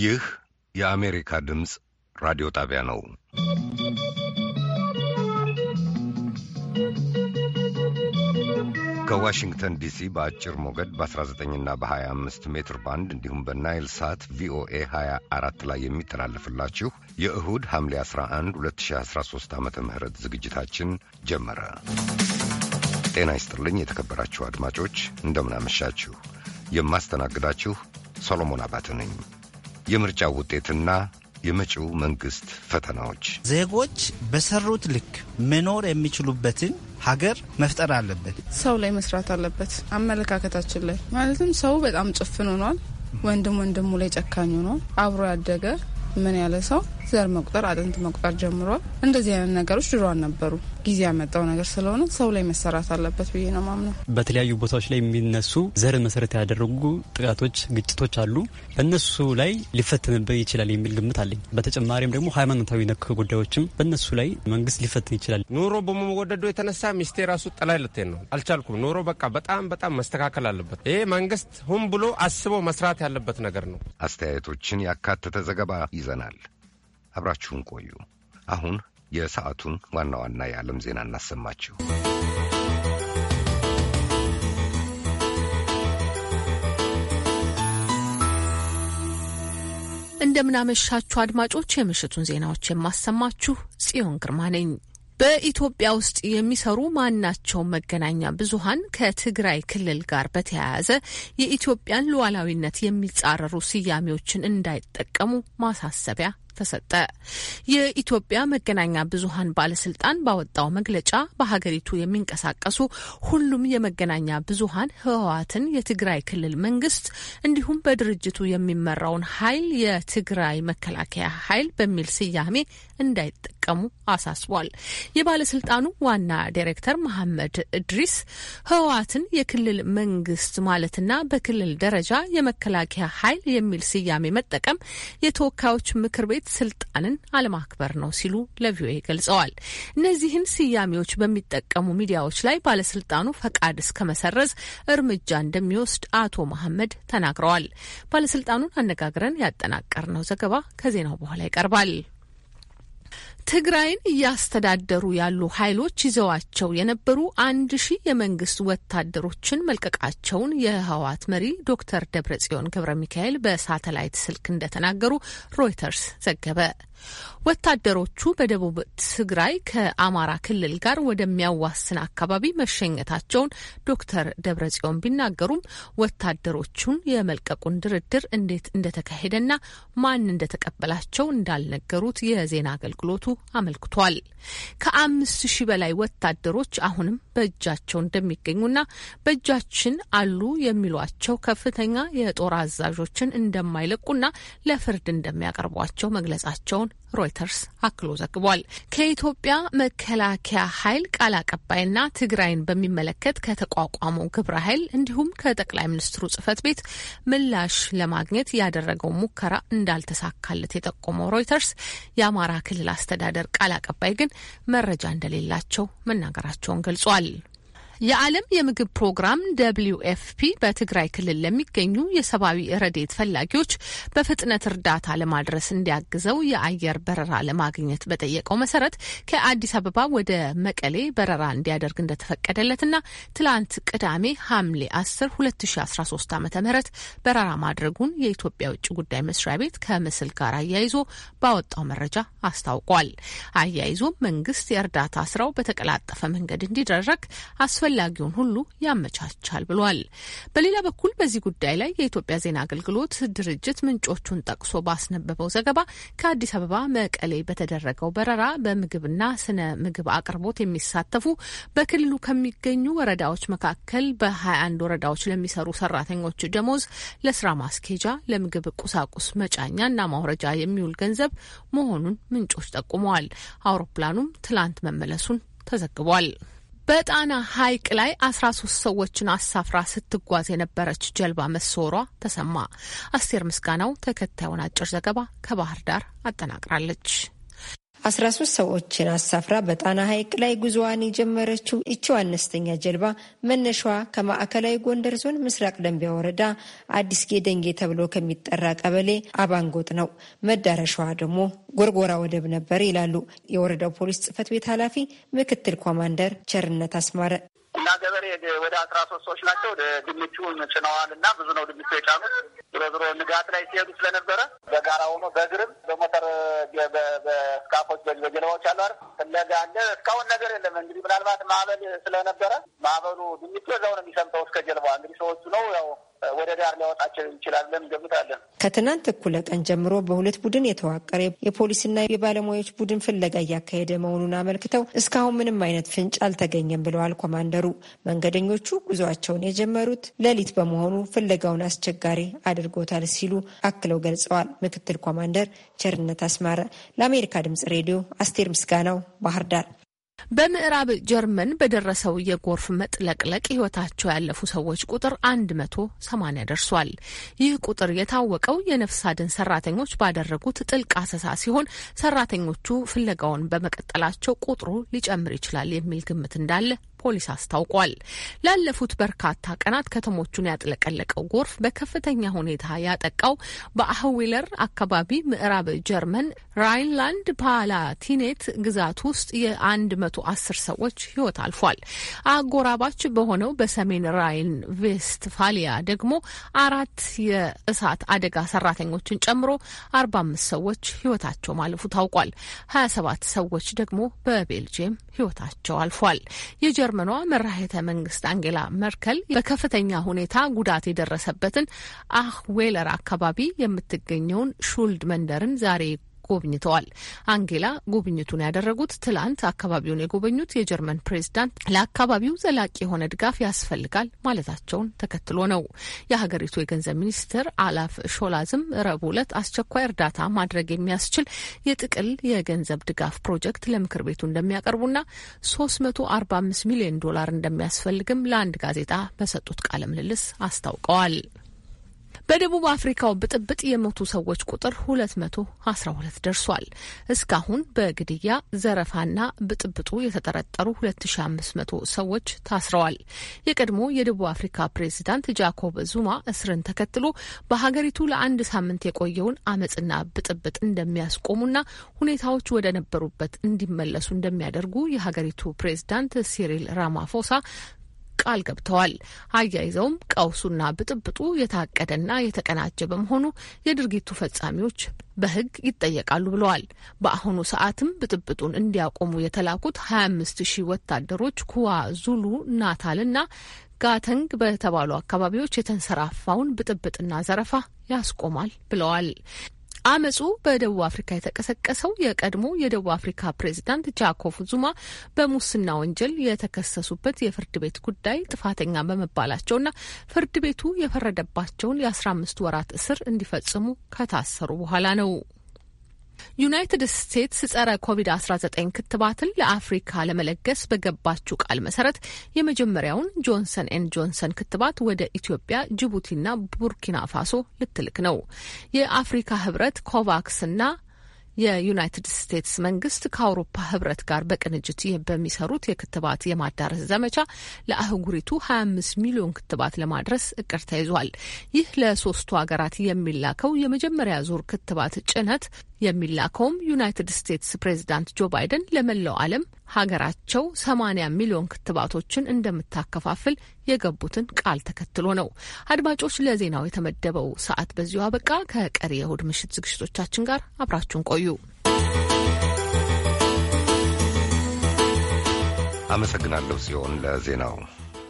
ይህ የአሜሪካ ድምፅ ራዲዮ ጣቢያ ነው። ከዋሽንግተን ዲሲ በአጭር ሞገድ በ19ና በ25 ሜትር ባንድ እንዲሁም በናይል ሳት ቪኦኤ 24 ላይ የሚተላለፍላችሁ የእሁድ ሐምሌ 11 2013 ዓ ም ዝግጅታችን ጀመረ። ጤና ይስጥልኝ የተከበራችሁ አድማጮች፣ እንደምናመሻችሁ። የማስተናግዳችሁ ሰሎሞን አባተ ነኝ። የምርጫ ውጤትና የመጪው መንግስት ፈተናዎች ዜጎች በሰሩት ልክ መኖር የሚችሉበትን ሀገር መፍጠር አለበት። ሰው ላይ መስራት አለበት። አመለካከታችን ላይ ማለትም ሰው በጣም ጭፍን ሆኗል። ወንድም ወንድሙ ላይ ጨካኝ ሆኗል። አብሮ ያደገ ምን ያለ ሰው ዘር መቁጠር፣ አጥንት መቁጠር ጀምሯል። እንደዚህ አይነት ነገሮች ድሮ አልነበሩ። ጊዜ ያመጣው ነገር ስለሆነ ሰው ላይ መሰራት አለበት ብዬ ነው ማምነው። በተለያዩ ቦታዎች ላይ የሚነሱ ዘር መሰረት ያደረጉ ጥቃቶች፣ ግጭቶች አሉ። በእነሱ ላይ ሊፈትንበት ይችላል የሚል ግምት አለኝ። በተጨማሪም ደግሞ ሃይማኖታዊ ነክ ጉዳዮችም በእነሱ ላይ መንግስት ሊፈትን ይችላል። ኑሮ በመወደዱ የተነሳ ሚስቴ ራሱ ጥላይ ልት ነው አልቻልኩም። ኑሮ በቃ በጣም በጣም መስተካከል አለበት። ይህ መንግስት ሁም ብሎ አስቦ መስራት ያለበት ነገር ነው። አስተያየቶችን ያካተተ ዘገባ ይዘናል። አብራችሁን ቆዩ። አሁን የሰዓቱን ዋና ዋና የዓለም ዜና እናሰማችሁ። እንደምናመሻችሁ አድማጮች፣ የምሽቱን ዜናዎች የማሰማችሁ ጽዮን ግርማ ነኝ። በኢትዮጵያ ውስጥ የሚሰሩ ማናቸው መገናኛ ብዙሀን ከትግራይ ክልል ጋር በተያያዘ የኢትዮጵያን ሉዓላዊነት የሚጻረሩ ስያሜዎችን እንዳይጠቀሙ ማሳሰቢያ ተሰጠ። የኢትዮጵያ መገናኛ ብዙሀን ባለስልጣን ባወጣው መግለጫ በሀገሪቱ የሚንቀሳቀሱ ሁሉም የመገናኛ ብዙሀን ህወሓትን፣ የትግራይ ክልል መንግስት እንዲሁም በድርጅቱ የሚመራውን ኃይል የትግራይ መከላከያ ኃይል በሚል ስያሜ እንዳይጠቀሙ አሳስቧል። የባለስልጣኑ ዋና ዳይሬክተር መሐመድ እድሪስ ህወሓትን የክልል መንግስት ማለትና በክልል ደረጃ የመከላከያ ኃይል የሚል ስያሜ መጠቀም የተወካዮች ምክር ቤት ስልጣንን አለማክበር ነው ሲሉ ለቪኦኤ ገልጸዋል። እነዚህን ስያሜዎች በሚጠቀሙ ሚዲያዎች ላይ ባለስልጣኑ ፈቃድ እስከ መሰረዝ እርምጃ እንደሚወስድ አቶ መሐመድ ተናግረዋል። ባለስልጣኑን አነጋግረን ያጠናቀርነው ዘገባ ከዜናው በኋላ ይቀርባል። ትግራይን እያስተዳደሩ ያሉ ኃይሎች ይዘዋቸው የነበሩ አንድ ሺህ የመንግስት ወታደሮችን መልቀቃቸውን የህወሓት መሪ ዶክተር ደብረጽዮን ገብረ ሚካኤል በሳተላይት ስልክ እንደተናገሩ ሮይተርስ ዘገበ። ወታደሮቹ በደቡብ ትግራይ ከአማራ ክልል ጋር ወደሚያዋስን አካባቢ መሸኘታቸውን ዶክተር ደብረጽዮን ቢናገሩም ወታደሮቹን የመልቀቁን ድርድር እንዴት እንደተካሄደና ማን እንደተቀበላቸው እንዳልነገሩት የዜና አገልግሎቱ አመልክቷል። ከአምስት ሺ በላይ ወታደሮች አሁንም በእጃቸው እንደሚገኙና በእጃችን አሉ የሚሏቸው ከፍተኛ የጦር አዛዦችን እንደማይለቁና ለፍርድ እንደሚያቀርቧቸው መግለጻቸውን መሆናቸውን ሮይተርስ አክሎ ዘግቧል። ከኢትዮጵያ መከላከያ ኃይል ቃል አቀባይና ትግራይን በሚመለከት ከተቋቋመው ግብረ ኃይል እንዲሁም ከጠቅላይ ሚኒስትሩ ጽህፈት ቤት ምላሽ ለማግኘት ያደረገው ሙከራ እንዳልተሳካለት የጠቆመው ሮይተርስ የአማራ ክልል አስተዳደር ቃል አቀባይ ግን መረጃ እንደሌላቸው መናገራቸውን ገልጿል። የዓለም የምግብ ፕሮግራም ደብልዩ ኤፍፒ በትግራይ ክልል ለሚገኙ የሰብአዊ ረዴት ፈላጊዎች በፍጥነት እርዳታ ለማድረስ እንዲያግዘው የአየር በረራ ለማግኘት በጠየቀው መሰረት ከአዲስ አበባ ወደ መቀሌ በረራ እንዲያደርግ እንደተፈቀደለትና ትላንት ቅዳሜ ሐምሌ 10 2013 ዓ ም በረራ ማድረጉን የኢትዮጵያ ውጭ ጉዳይ መስሪያ ቤት ከምስል ጋር አያይዞ ባወጣው መረጃ አስታውቋል። አያይዞም መንግስት የእርዳታ ስራው በተቀላጠፈ መንገድ እንዲደረግ አስፈ አስፈላጊውን ሁሉ ያመቻቻል ብሏል። በሌላ በኩል በዚህ ጉዳይ ላይ የኢትዮጵያ ዜና አገልግሎት ድርጅት ምንጮቹን ጠቅሶ ባስነበበው ዘገባ ከአዲስ አበባ መቀሌ በተደረገው በረራ በምግብና ስነ ምግብ አቅርቦት የሚሳተፉ በክልሉ ከሚገኙ ወረዳዎች መካከል በ21 ወረዳዎች ለሚሰሩ ሰራተኞች ደሞዝ፣ ለስራ ማስኬጃ፣ ለምግብ ቁሳቁስ መጫኛና ማውረጃ የሚውል ገንዘብ መሆኑን ምንጮች ጠቁመዋል። አውሮፕላኑም ትላንት መመለሱን ተዘግቧል። በጣና ሐይቅ ላይ አስራ ሶስት ሰዎችን አሳፍራ ስትጓዝ የነበረች ጀልባ መሰወሯ ተሰማ። አስቴር ምስጋናው ተከታዩን አጭር ዘገባ ከባህር ዳር አጠናቅራለች። አስራ ሶስት ሰዎችን አሳፍራ በጣና ሐይቅ ላይ ጉዞዋን የጀመረችው ይቺው አነስተኛ ጀልባ መነሻዋ ከማዕከላዊ ጎንደር ዞን ምስራቅ ደንቢያ ወረዳ አዲስ ጌደንጌ ተብሎ ከሚጠራ ቀበሌ አባንጎጥ ነው። መዳረሻዋ ደግሞ ጎርጎራ ወደብ ነበር ይላሉ የወረዳው ፖሊስ ጽሕፈት ቤት ኃላፊ ምክትል ኮማንደር ቸርነት አስማረ። እና ገበሬ ወደ አስራ ሶስት ሰዎች ናቸው ድንቹን ጭነዋል እና ብዙ ነው ድንቹ የጫኑት። ዝሮ ዝሮ ንጋት ላይ ሲሄዱ ስለነበረ በጋራ ሆኖ በእግርም በሞተር በስካፎች በጀልባዎች አሉ አይደል ፍለጋ አለ። እስካሁን ነገር የለም። እንግዲህ ምናልባት ማዕበል ስለነበረ ማዕበሉ ድንቹ እዛው ነው የሚሰምጠው እስከ ጀልባ እንግዲህ ሰዎቹ ነው ያው ወደ ዳር ሊያወጣቸው ይችላል ብለን እንገምታለን። ከትናንት እኩለ ቀን ጀምሮ በሁለት ቡድን የተዋቀረ የፖሊስና የባለሙያዎች ቡድን ፍለጋ እያካሄደ መሆኑን አመልክተው እስካሁን ምንም አይነት ፍንጭ አልተገኘም ብለዋል ኮማንደሩ። መንገደኞቹ ጉዞአቸውን የጀመሩት ሌሊት በመሆኑ ፍለጋውን አስቸጋሪ አድርጎታል ሲሉ አክለው ገልጸዋል። ምክትል ኮማንደር ቸርነት አስማረ ለአሜሪካ ድምጽ ሬዲዮ አስቴር ምስጋናው ባህር ዳር በምዕራብ ጀርመን በደረሰው የጎርፍ መጥለቅለቅ ሕይወታቸው ያለፉ ሰዎች ቁጥር አንድ መቶ ሰማኒያ ደርሷል። ይህ ቁጥር የታወቀው የነፍስ አድን ሰራተኞች ባደረጉት ጥልቅ አሰሳ ሲሆን ሰራተኞቹ ፍለጋውን በመቀጠላቸው ቁጥሩ ሊጨምር ይችላል የሚል ግምት እንዳለ ፖሊስ አስታውቋል። ላለፉት በርካታ ቀናት ከተሞቹን ያጥለቀለቀው ጎርፍ በከፍተኛ ሁኔታ ያጠቃው በአህዊለር አካባቢ ምዕራብ ጀርመን ራይንላንድ ፓላቲኔት ግዛት ውስጥ የ አስር ሰዎች ሕይወት አልፏል። አጎራባች በሆነው በሰሜን ራይን ቬስትፋሊያ ደግሞ አራት የእሳት አደጋ ሰራተኞችን ጨምሮ 45 ሰዎች ሕይወታቸው ማለፉ ታውቋል። ሰባት ሰዎች ደግሞ በቤልጅየም ሕይወታቸው አልፏል። የጀርመኗ መራሄተ መንግስት አንጌላ መርከል በከፍተኛ ሁኔታ ጉዳት የደረሰበትን አህ ዌለር አካባቢ የምትገኘውን ሹልድ መንደርን ዛሬ ጎብኝተዋል። አንጌላ ጉብኝቱን ያደረጉት ትላንት አካባቢውን የጎበኙት የጀርመን ፕሬዝዳንት ለአካባቢው ዘላቂ የሆነ ድጋፍ ያስፈልጋል ማለታቸውን ተከትሎ ነው። የሀገሪቱ የገንዘብ ሚኒስትር አላፍ ሾላዝም ረቡዕ ዕለት አስቸኳይ እርዳታ ማድረግ የሚያስችል የጥቅል የገንዘብ ድጋፍ ፕሮጀክት ለምክር ቤቱ እንደሚያቀርቡና 345 ሚሊዮን ዶላር እንደሚያስፈልግም ለአንድ ጋዜጣ በሰጡት ቃለ ምልልስ አስታውቀዋል። በደቡብ አፍሪካው ብጥብጥ የሞቱ ሰዎች ቁጥር 212 ደርሷል። እስካሁን በግድያ ዘረፋና ብጥብጡ የተጠረጠሩ 2500 ሰዎች ታስረዋል። የቀድሞ የደቡብ አፍሪካ ፕሬዚዳንት ጃኮብ ዙማ እስርን ተከትሎ በሀገሪቱ ለአንድ ሳምንት የቆየውን አመፅና ብጥብጥ እንደሚያስቆሙና ሁኔታዎች ወደ ነበሩበት እንዲመለሱ እንደሚያደርጉ የሀገሪቱ ፕሬዚዳንት ሲሪል ራማፎሳ ቃል ገብተዋል። አያይዘውም ቀውሱና ብጥብጡ የታቀደና የተቀናጀ በመሆኑ የድርጊቱ ፈጻሚዎች በሕግ ይጠየቃሉ ብለዋል። በአሁኑ ሰዓትም ብጥብጡን እንዲያቆሙ የተላኩት 25 ሺህ ወታደሮች ኩዋ ዙሉ ናታልና ጋተንግ በተባሉ አካባቢዎች የተንሰራፋውን ብጥብጥና ዘረፋ ያስቆማል ብለዋል። አመፁ በደቡብ አፍሪካ የተቀሰቀሰው የቀድሞ የደቡብ አፍሪካ ፕሬዚዳንት ጃኮፍ ዙማ በሙስና ወንጀል የተከሰሱበት የፍርድ ቤት ጉዳይ ጥፋተኛ በመባላቸውና ፍርድ ቤቱ የፈረደባቸውን የአስራ አምስት ወራት እስር እንዲፈጽሙ ከታሰሩ በኋላ ነው። ዩናይትድ ስቴትስ ጸረ ኮቪድ-19 ክትባትን ለአፍሪካ ለመለገስ በገባችው ቃል መሰረት የመጀመሪያውን ጆንሰን ኤን ጆንሰን ክትባት ወደ ኢትዮጵያ፣ ጅቡቲና ቡርኪና ፋሶ ልትልክ ነው። የአፍሪካ ህብረት ኮቫክስና የዩናይትድ ስቴትስ መንግስት ከአውሮፓ ህብረት ጋር በቅንጅት በሚሰሩት የክትባት የማዳረስ ዘመቻ ለአህጉሪቱ 25 ሚሊዮን ክትባት ለማድረስ እቅድ ተይዟል። ይህ ለሶስቱ ሀገራት የሚላከው የመጀመሪያ ዙር ክትባት ጭነት የሚላከውም ዩናይትድ ስቴትስ ፕሬዚዳንት ጆ ባይደን ለመላው ዓለም ሀገራቸው ሰማንያ ሚሊዮን ክትባቶችን እንደምታከፋፍል የገቡትን ቃል ተከትሎ ነው። አድማጮች፣ ለዜናው የተመደበው ሰዓት በዚሁ አበቃ። ከቀሪ የእሁድ ምሽት ዝግጅቶቻችን ጋር አብራችሁን ቆዩ። አመሰግናለሁ ሲሆን ለዜናው።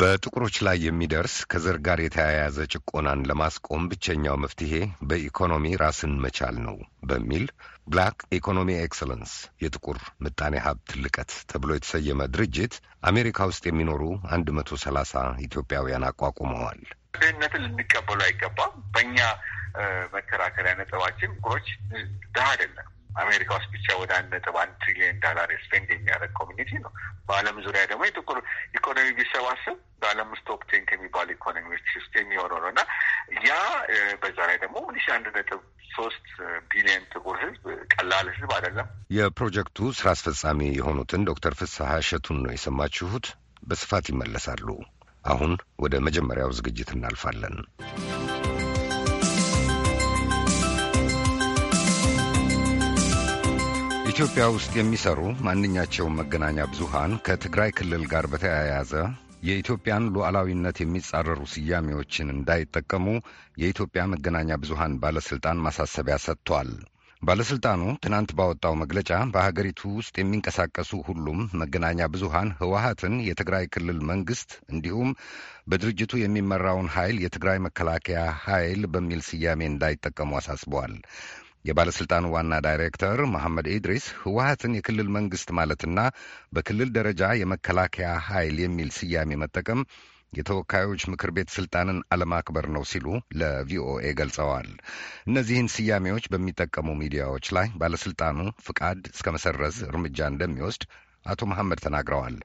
በጥቁሮች ላይ የሚደርስ ከዘር ጋር የተያያዘ ጭቆናን ለማስቆም ብቸኛው መፍትሄ በኢኮኖሚ ራስን መቻል ነው በሚል ብላክ ኢኮኖሚ ኤክሰለንስ የጥቁር ምጣኔ ሀብት ልቀት ተብሎ የተሰየመ ድርጅት አሜሪካ ውስጥ የሚኖሩ አንድ መቶ ሰላሳ ኢትዮጵያውያን አቋቁመዋል። ድህነትን ልንቀበሉ አይገባም። በእኛ መከራከሪያ ነጥባችን ጥቁሮች ድሃ አይደለም አሜሪካ ውስጥ ብቻ ወደ አንድ ነጥብ አንድ ትሪሊየን ዳላር ስፔንድ የሚያደርግ ኮሚኒቲ ነው። በዓለም ዙሪያ ደግሞ የጥቁር ኢኮኖሚ ቢሰባሰብ በዓለም ውስጥ ቶፕ ቴን ከሚባሉ ኢኮኖሚዎች ውስጥ የሚሆነው ነው እና ያ በዛ ላይ ደግሞ ሁልሽ አንድ ነጥብ ሶስት ቢሊየን ጥቁር ህዝብ ቀላል ህዝብ አይደለም። የፕሮጀክቱ ስራ አስፈጻሚ የሆኑትን ዶክተር ፍስሀ እሸቱን ነው የሰማችሁት። በስፋት ይመለሳሉ። አሁን ወደ መጀመሪያው ዝግጅት እናልፋለን። ኢትዮጵያ ውስጥ የሚሰሩ ማንኛቸውም መገናኛ ብዙሃን ከትግራይ ክልል ጋር በተያያዘ የኢትዮጵያን ሉዓላዊነት የሚጻረሩ ስያሜዎችን እንዳይጠቀሙ የኢትዮጵያ መገናኛ ብዙሃን ባለሥልጣን ማሳሰቢያ ሰጥቷል። ባለሥልጣኑ ትናንት ባወጣው መግለጫ በሀገሪቱ ውስጥ የሚንቀሳቀሱ ሁሉም መገናኛ ብዙሃን ህወሀትን የትግራይ ክልል መንግሥት እንዲሁም በድርጅቱ የሚመራውን ኃይል የትግራይ መከላከያ ኃይል በሚል ስያሜ እንዳይጠቀሙ አሳስበዋል። የባለሥልጣኑ ዋና ዳይሬክተር መሐመድ ኢድሪስ ህወሀትን የክልል መንግሥት ማለትና በክልል ደረጃ የመከላከያ ኃይል የሚል ስያሜ መጠቀም የተወካዮች ምክር ቤት ስልጣንን አለማክበር ነው ሲሉ ለቪኦኤ ገልጸዋል። እነዚህን ስያሜዎች በሚጠቀሙ ሚዲያዎች ላይ ባለሥልጣኑ ፍቃድ እስከ መሰረዝ እርምጃ እንደሚወስድ አቶ መሐመድ ተናግረዋል።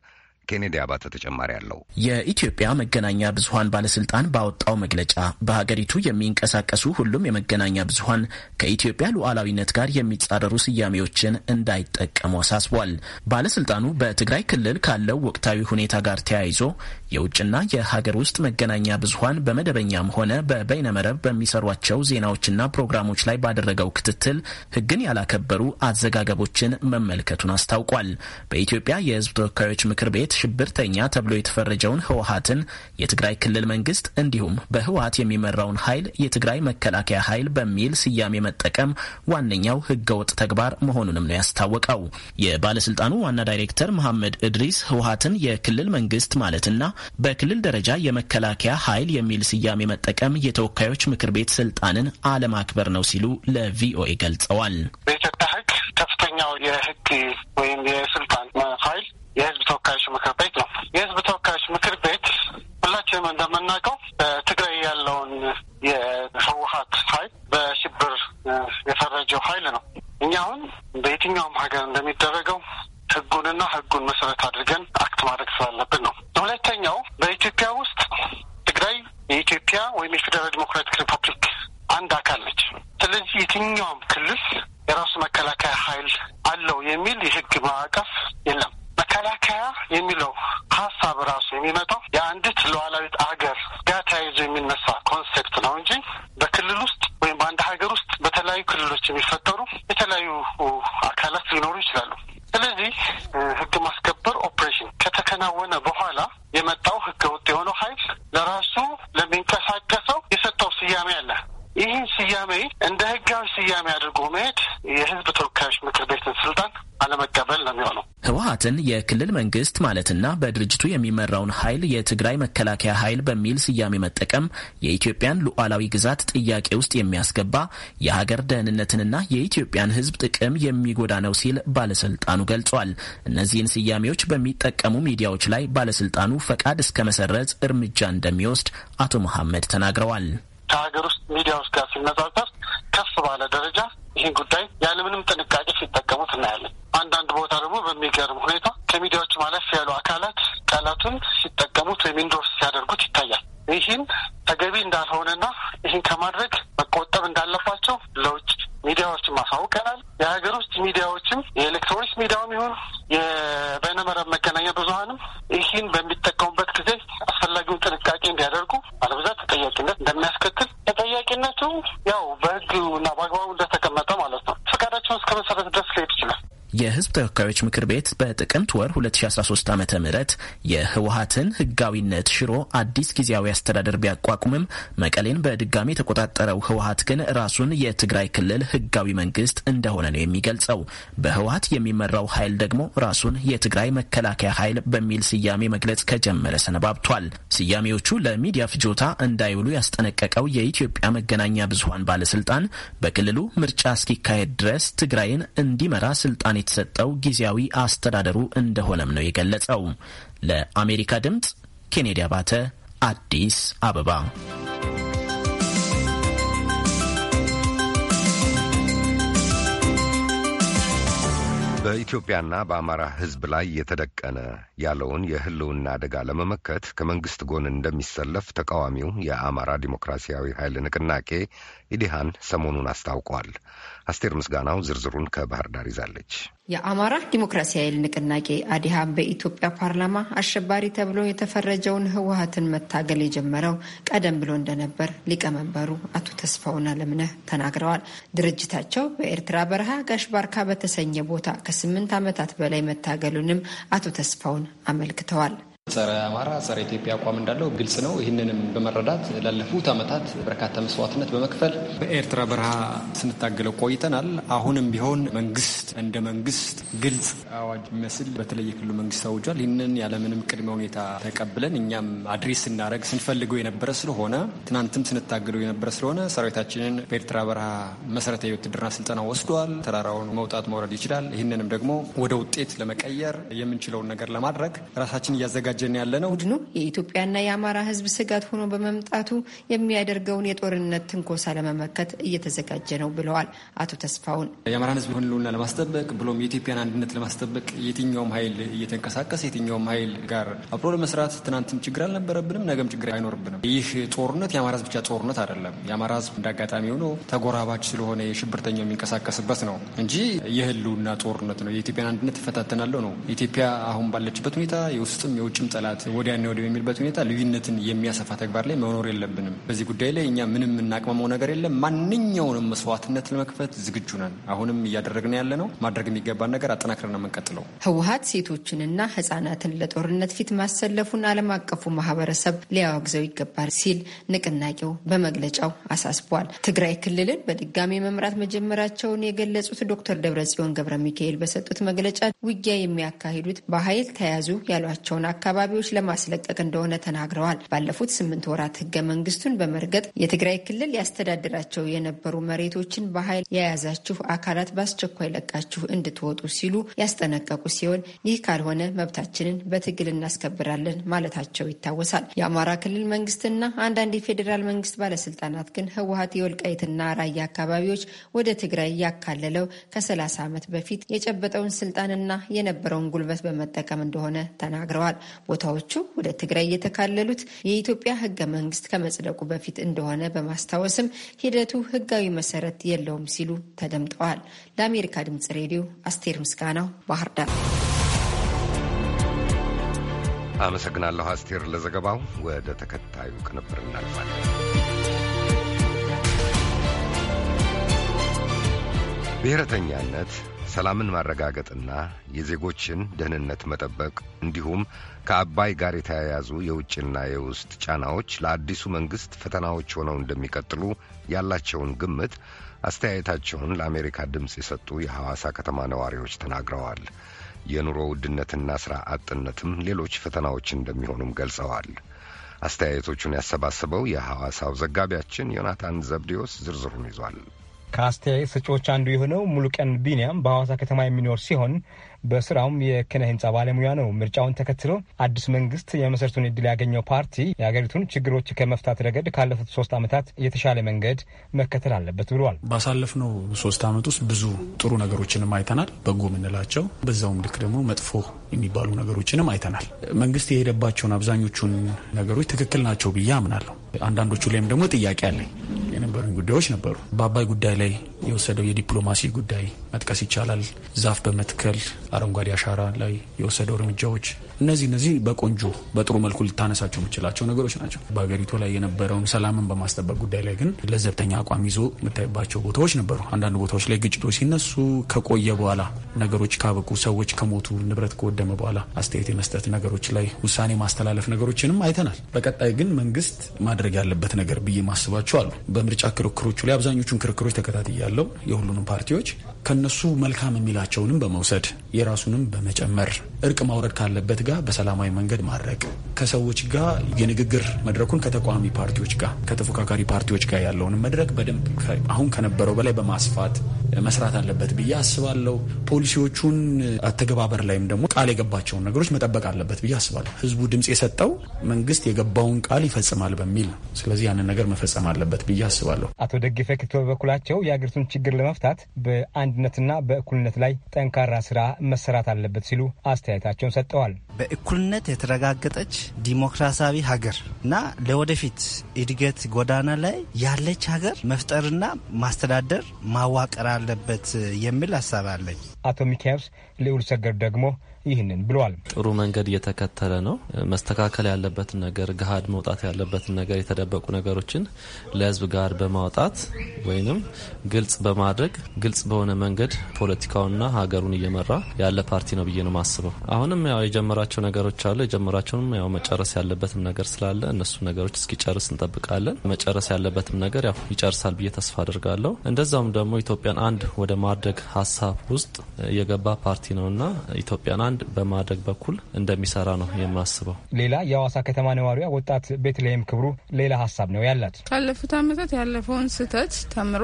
ኬኔዲ አባተ ተጨማሪ አለው። የኢትዮጵያ መገናኛ ብዙሀን ባለስልጣን ባወጣው መግለጫ በሀገሪቱ የሚንቀሳቀሱ ሁሉም የመገናኛ ብዙሀን ከኢትዮጵያ ሉዓላዊነት ጋር የሚጻረሩ ስያሜዎችን እንዳይጠቀሙ አሳስቧል። ባለስልጣኑ በትግራይ ክልል ካለው ወቅታዊ ሁኔታ ጋር ተያይዞ የውጭና የሀገር ውስጥ መገናኛ ብዙሀን በመደበኛም ሆነ በበይነመረብ በሚሰሯቸው ዜናዎችና ፕሮግራሞች ላይ ባደረገው ክትትል ህግን ያላከበሩ አዘጋገቦችን መመልከቱን አስታውቋል። በኢትዮጵያ የህዝብ ተወካዮች ምክር ቤት ሽብርተኛ ተብሎ የተፈረጀውን ህወሀትን የትግራይ ክልል መንግስት እንዲሁም በህወሀት የሚመራውን ኃይል የትግራይ መከላከያ ኃይል በሚል ስያሜ መጠቀም ዋነኛው ህገወጥ ተግባር መሆኑንም ነው ያስታወቀው። የባለስልጣኑ ዋና ዳይሬክተር መሐመድ እድሪስ ህወሀትን የክልል መንግስት ማለትና በክልል ደረጃ የመከላከያ ኃይል የሚል ስያሜ መጠቀም የተወካዮች ምክር ቤት ስልጣንን አለማክበር ነው ሲሉ ለቪኦኤ ገልጸዋል። በኢትዮጵያ ሕግ ከፍተኛው የሕግ ወይም የስልጣን ኃይል የሕዝብ ተወካዮች ምክር ቤት ነው። የሕዝብ ተወካዮች ምክር ቤት ሁላችንም እንደምናውቀው በትግራይ ያለውን የህወሀት ኃይል በሽብር የፈረጀው ኃይል ነው። እኛ አሁን በየትኛውም ሀገር እንደሚደረገው ህጉንና ህጉን መሰረት አድርገን አክት ማድረግ ስላለብን ነው አንደኛው በኢትዮጵያ ውስጥ ትግራይ የኢትዮጵያ ወይም የፌዴራል ዲሞክራቲክ ሪፐብሊክ አንድ አካል ነች። ስለዚህ የትኛውም ክልል የራሱ መከላከያ ኃይል አለው የሚል የህግ ማዕቀፍ የለም። መከላከያ የሚለው ሀሳብ ራሱ የሚመጣው የአንዲት ሉዓላዊት አገር ጋር ተያይዞ የሚነሳ ኮንሴፕት ነው እንጂ በክልል ውስጥ ወይም በአንድ ሀገር ውስጥ በተለያዩ ክልሎች የሚፈጠሩ ህወሓትን የክልል መንግስት ማለትና በድርጅቱ የሚመራውን ኃይል የትግራይ መከላከያ ኃይል በሚል ስያሜ መጠቀም የኢትዮጵያን ሉዓላዊ ግዛት ጥያቄ ውስጥ የሚያስገባ የሀገር ደህንነትንና የኢትዮጵያን ህዝብ ጥቅም የሚጎዳ ነው ሲል ባለስልጣኑ ገልጿል። እነዚህን ስያሜዎች በሚጠቀሙ ሚዲያዎች ላይ ባለስልጣኑ ፈቃድ እስከ መሰረዝ እርምጃ እንደሚወስድ አቶ መሐመድ ተናግረዋል። ከሀገር ውስጥ ሚዲያዎች ጋር ሲነጻጸር ከፍ ባለ ደረጃ ይህን ጉዳይ ያለምንም ጥንቃቄ ሲጠቀሙት እናያለን። አንዳንድ ቦታ ደግሞ በሚገርም ሁኔታ ከሚዲያዎች ማለፍ ያሉ አካላት ቃላቱን ሲጠቀሙት ወይም ኢንዶርስ ሲያደርጉት ይታያል። ይህን ተገቢ እንዳልሆነና ይህን ከማድረግ መቆጠብ እንዳለባቸው ለውጭ ሚዲያዎች ማሳውቀናል። የሀገር ውስጥ ሚዲያዎችም የኤሌክትሮኒክስ ሚዲያውም ይሁን የበይነመረብ መገናኛ ብዙሀንም ይህን በሚ የህዝብ ተወካዮች ምክር ቤት በጥቅምት ወር 2013 ዓ ም የህወሀትን ህጋዊነት ሽሮ አዲስ ጊዜያዊ አስተዳደር ቢያቋቁምም መቀሌን በድጋሚ የተቆጣጠረው ህወሀት ግን ራሱን የትግራይ ክልል ህጋዊ መንግስት እንደሆነ ነው የሚገልጸው። በህወሀት የሚመራው ኃይል ደግሞ ራሱን የትግራይ መከላከያ ኃይል በሚል ስያሜ መግለጽ ከጀመረ ሰነባብቷል። ስያሜዎቹ ለሚዲያ ፍጆታ እንዳይውሉ ያስጠነቀቀው የኢትዮጵያ መገናኛ ብዙሀን ባለስልጣን በክልሉ ምርጫ እስኪካሄድ ድረስ ትግራይን እንዲመራ ስልጣን የተሰጠው ጊዜያዊ አስተዳደሩ እንደሆነም ነው የገለጸው። ለአሜሪካ ድምፅ ኬኔዲ አባተ አዲስ አበባ። በኢትዮጵያና በአማራ ሕዝብ ላይ የተደቀነ ያለውን የህልውና አደጋ ለመመከት ከመንግስት ጎን እንደሚሰለፍ ተቃዋሚው የአማራ ዲሞክራሲያዊ ኃይል ንቅናቄ ኢዲሃን ሰሞኑን አስታውቋል። አስቴር ምስጋናው ዝርዝሩን ከባህር ዳር ይዛለች። የአማራ ዲሞክራሲያዊ ኃይል ንቅናቄ አዲሃም በኢትዮጵያ ፓርላማ አሸባሪ ተብሎ የተፈረጀውን ህወሀትን መታገል የጀመረው ቀደም ብሎ እንደነበር ሊቀመንበሩ አቶ ተስፋውን አለምነህ ተናግረዋል። ድርጅታቸው በኤርትራ በረሃ ጋሽ ባርካ በተሰኘ ቦታ ከስምንት ዓመታት በላይ መታገሉንም አቶ ተስፋውን አመልክተዋል። ጸረ አማራ፣ ጸረ ኢትዮጵያ አቋም እንዳለው ግልጽ ነው። ይህንንም በመረዳት ላለፉት ዓመታት በርካታ መስዋዕትነት በመክፈል በኤርትራ በረሃ ስንታገለው ቆይተናል። አሁንም ቢሆን መንግስት እንደ መንግስት ግልጽ አዋጅ ሚመስል በተለይ የክልሉ መንግስት አውጇል። ይህንን ያለምንም ቅድመ ሁኔታ ተቀብለን እኛም አድሬስ ስናደረግ ስንፈልገው የነበረ ስለሆነ ትናንትም ስንታገለው የነበረ ስለሆነ ሰራዊታችንን በኤርትራ በረሃ መሰረታዊ የውትድርና ስልጠና ወስዷል። ተራራውን መውጣት መውረድ ይችላል። ይህንንም ደግሞ ወደ ውጤት ለመቀየር የምንችለውን ነገር ለማድረግ ራሳችን እያዘጋ እያዘጋጀን ያለ ነው። ቡድኑ የኢትዮጵያና የአማራ ሕዝብ ስጋት ሆኖ በመምጣቱ የሚያደርገውን የጦርነት ትንኮሳ ለመመከት እየተዘጋጀ ነው ብለዋል አቶ ተስፋውን። የአማራን ሕዝብ ህልውና ለማስጠበቅ ብሎም የኢትዮጵያን አንድነት ለማስጠበቅ የትኛውም ኃይል እየተንቀሳቀስ የትኛውም ኃይል ጋር አብሮ ለመስራት ትናንትም ችግር አልነበረብንም፣ ነገም ችግር አይኖርብንም። ይህ ጦርነት የአማራ ሕዝብ ብቻ ጦርነት አይደለም። የአማራ ሕዝብ እንዳጋጣሚ ሆኖ ተጎራባች ስለሆነ የሽብርተኛው የሚንቀሳቀስበት ነው እንጂ የህልውና ጦርነት ነው። የኢትዮጵያን አንድነት እፈታተናለሁ ነው። ኢትዮጵያ አሁን ባለችበት ሁኔታ የውስጥም የውጭ የውጭም ጠላት ወዲያና ወዲህ የሚልበት ሁኔታ ልዩነትን የሚያሰፋ ተግባር ላይ መኖር የለብንም። በዚህ ጉዳይ ላይ እኛ ምንም የምናቅመመው ነገር የለም። ማንኛውንም መስዋዕትነት ለመክፈት ዝግጁ ነን። አሁንም እያደረግን ያለ ነው። ማድረግ የሚገባን ነገር አጠናክረን የምንቀጥለው። ህወሀት ሴቶችንና ህጻናትን ለጦርነት ፊት ማሰለፉን ዓለም አቀፉ ማህበረሰብ ሊያወግዘው ይገባል ሲል ንቅናቄው በመግለጫው አሳስቧል። ትግራይ ክልልን በድጋሚ መምራት መጀመራቸውን የገለጹት ዶክተር ደብረጽዮን ገብረ ሚካኤል በሰጡት መግለጫ ውጊያ የሚያካሂዱት በኃይል ተያዙ ያሏቸውን አካባቢ አካባቢዎች ለማስለቀቅ እንደሆነ ተናግረዋል። ባለፉት ስምንት ወራት ህገ መንግስቱን በመርገጥ የትግራይ ክልል ያስተዳድራቸው የነበሩ መሬቶችን በኃይል የያዛችሁ አካላት በአስቸኳይ ለቃችሁ እንድትወጡ ሲሉ ያስጠነቀቁ ሲሆን ይህ ካልሆነ መብታችንን በትግል እናስከብራለን ማለታቸው ይታወሳል። የአማራ ክልል መንግስትና አንዳንድ የፌዴራል መንግስት ባለስልጣናት ግን ህወሀት የወልቃይትና ራያ አካባቢዎች ወደ ትግራይ ያካለለው ከ30 ዓመት በፊት የጨበጠውን ስልጣንና የነበረውን ጉልበት በመጠቀም እንደሆነ ተናግረዋል። ቦታዎቹ ወደ ትግራይ የተካለሉት የኢትዮጵያ ህገ መንግስት ከመጽደቁ በፊት እንደሆነ በማስታወስም ሂደቱ ህጋዊ መሰረት የለውም ሲሉ ተደምጠዋል። ለአሜሪካ ድምጽ ሬዲዮ አስቴር ምስጋናው ባህር ዳር። አመሰግናለሁ አስቴር ለዘገባው። ወደ ተከታዩ ቅንብር እናልፋለን። ብሔረተኛነት ሰላምን ማረጋገጥና የዜጎችን ደህንነት መጠበቅ እንዲሁም ከአባይ ጋር የተያያዙ የውጭና የውስጥ ጫናዎች ለአዲሱ መንግሥት ፈተናዎች ሆነው እንደሚቀጥሉ ያላቸውን ግምት አስተያየታቸውን ለአሜሪካ ድምፅ የሰጡ የሐዋሳ ከተማ ነዋሪዎች ተናግረዋል። የኑሮ ውድነትና ሥራ አጥነትም ሌሎች ፈተናዎች እንደሚሆኑም ገልጸዋል። አስተያየቶቹን ያሰባሰበው የሐዋሳው ዘጋቢያችን ዮናታን ዘብዴዎስ ዝርዝሩን ይዟል። ከአስተያየት ሰጪዎች አንዱ የሆነው ሙሉቀን ቢንያም በሐዋሳ ከተማ የሚኖር ሲሆን በስራውም የኪነ ህንፃ ባለሙያ ነው። ምርጫውን ተከትሎ አዲስ መንግስት የመሰረቱን እድል ያገኘው ፓርቲ የሀገሪቱን ችግሮች ከመፍታት ረገድ ካለፉት ሶስት ዓመታት የተሻለ መንገድ መከተል አለበት ብሏል። ባሳለፍነው ሶስት ዓመት ውስጥ ብዙ ጥሩ ነገሮችንም አይተናል፣ በጎ የምንላቸው በዛውም ልክ ደግሞ መጥፎ የሚባሉ ነገሮችንም አይተናል። መንግስት የሄደባቸውን አብዛኞቹን ነገሮች ትክክል ናቸው ብዬ አምናለሁ። አንዳንዶቹ ላይም ደግሞ ጥያቄ አለኝ። ጉዳዮች ነበሩ። በአባይ ጉዳይ ላይ የወሰደው የዲፕሎማሲ ጉዳይ መጥቀስ ይቻላል። ዛፍ በመትከል አረንጓዴ አሻራ ላይ የወሰደው እርምጃዎች እነዚህ እነዚህ በቆንጆ በጥሩ መልኩ ልታነሳቸው የምችላቸው ነገሮች ናቸው። በሀገሪቱ ላይ የነበረውን ሰላምን በማስጠበቅ ጉዳይ ላይ ግን ለዘብተኛ አቋም ይዞ የምታይባቸው ቦታዎች ነበሩ። አንዳንድ ቦታዎች ላይ ግጭቶች ሲነሱ ከቆየ በኋላ ነገሮች ካበቁ፣ ሰዎች ከሞቱ፣ ንብረት ከወደመ በኋላ አስተያየት የመስጠት ነገሮች ላይ ውሳኔ ማስተላለፍ ነገሮችንም አይተናል። በቀጣይ ግን መንግስት ማድረግ ያለበት ነገር ብዬ ማስባቸው አሉ። በምርጫ ክርክሮቹ ላይ አብዛኞቹን ክርክሮች ተከታትያለው የሁሉንም ፓርቲዎች ከነሱ መልካም የሚላቸውንም በመውሰድ የራሱንም በመጨመር እርቅ ማውረድ ካለበት ጋር በሰላማዊ መንገድ ማድረግ ከሰዎች ጋር የንግግር መድረኩን ከተቃዋሚ ፓርቲዎች ጋር ከተፎካካሪ ፓርቲዎች ጋር ያለውን መድረክ በደንብ አሁን ከነበረው በላይ በማስፋት መስራት አለበት ብዬ አስባለሁ። ፖሊሲዎቹን አተገባበር ላይም ደግሞ ቃል የገባቸውን ነገሮች መጠበቅ አለበት ብዬ አስባለሁ። ህዝቡ ድምፅ የሰጠው መንግስት የገባውን ቃል ይፈጽማል በሚል ነው። ስለዚህ ያንን ነገር መፈጸም አለበት ብዬ አስባለሁ። አቶ ደግፌ ክቶ በበኩላቸው የአገሪቱን ችግር ለመፍታት በአንድ በአንድነትና በእኩልነት ላይ ጠንካራ ስራ መሰራት አለበት ሲሉ አስተያየታቸውን ሰጥተዋል። በእኩልነት የተረጋገጠች ዲሞክራሲያዊ ሀገር እና ለወደፊት እድገት ጎዳና ላይ ያለች ሀገር መፍጠርና ማስተዳደር ማዋቀር አለበት የሚል ሀሳብ አለኝ። አቶ ሚካኤልስ ልዑል ሰገድ ደግሞ ይህንን ብሏል። ጥሩ መንገድ እየተከተለ ነው። መስተካከል ያለበትን ነገር ገሀድ መውጣት ያለበትን ነገር የተደበቁ ነገሮችን ለህዝብ ጋር በማውጣት ወይንም ግልጽ በማድረግ ግልጽ በሆነ መንገድ ፖለቲካውንና ሀገሩን እየመራ ያለ ፓርቲ ነው ብዬ ነው ማስበው። አሁንም ያው የጀመራቸው ነገሮች አሉ። የጀመራቸውንም ያው መጨረስ ያለበትም ነገር ስላለ እነሱ ነገሮች እስኪጨርስ እንጠብቃለን። መጨረስ ያለበትም ነገር ያው ይጨርሳል ብዬ ተስፋ አድርጋለሁ። እንደዛውም ደግሞ ኢትዮጵያን አንድ ወደ ማድረግ ሀሳብ ውስጥ የገባ ፓርቲ ነውና ኢትዮጵያን አንድ በማድረግ በኩል እንደሚሰራ ነው የማስበው። ሌላ የአዋሳ ከተማ ነዋሪዋ ወጣት ቤትልሄም ክብሩ ሌላ ሀሳብ ነው ያላት። ካለፉት አመታት ያለፈውን ስህተት ተምሮ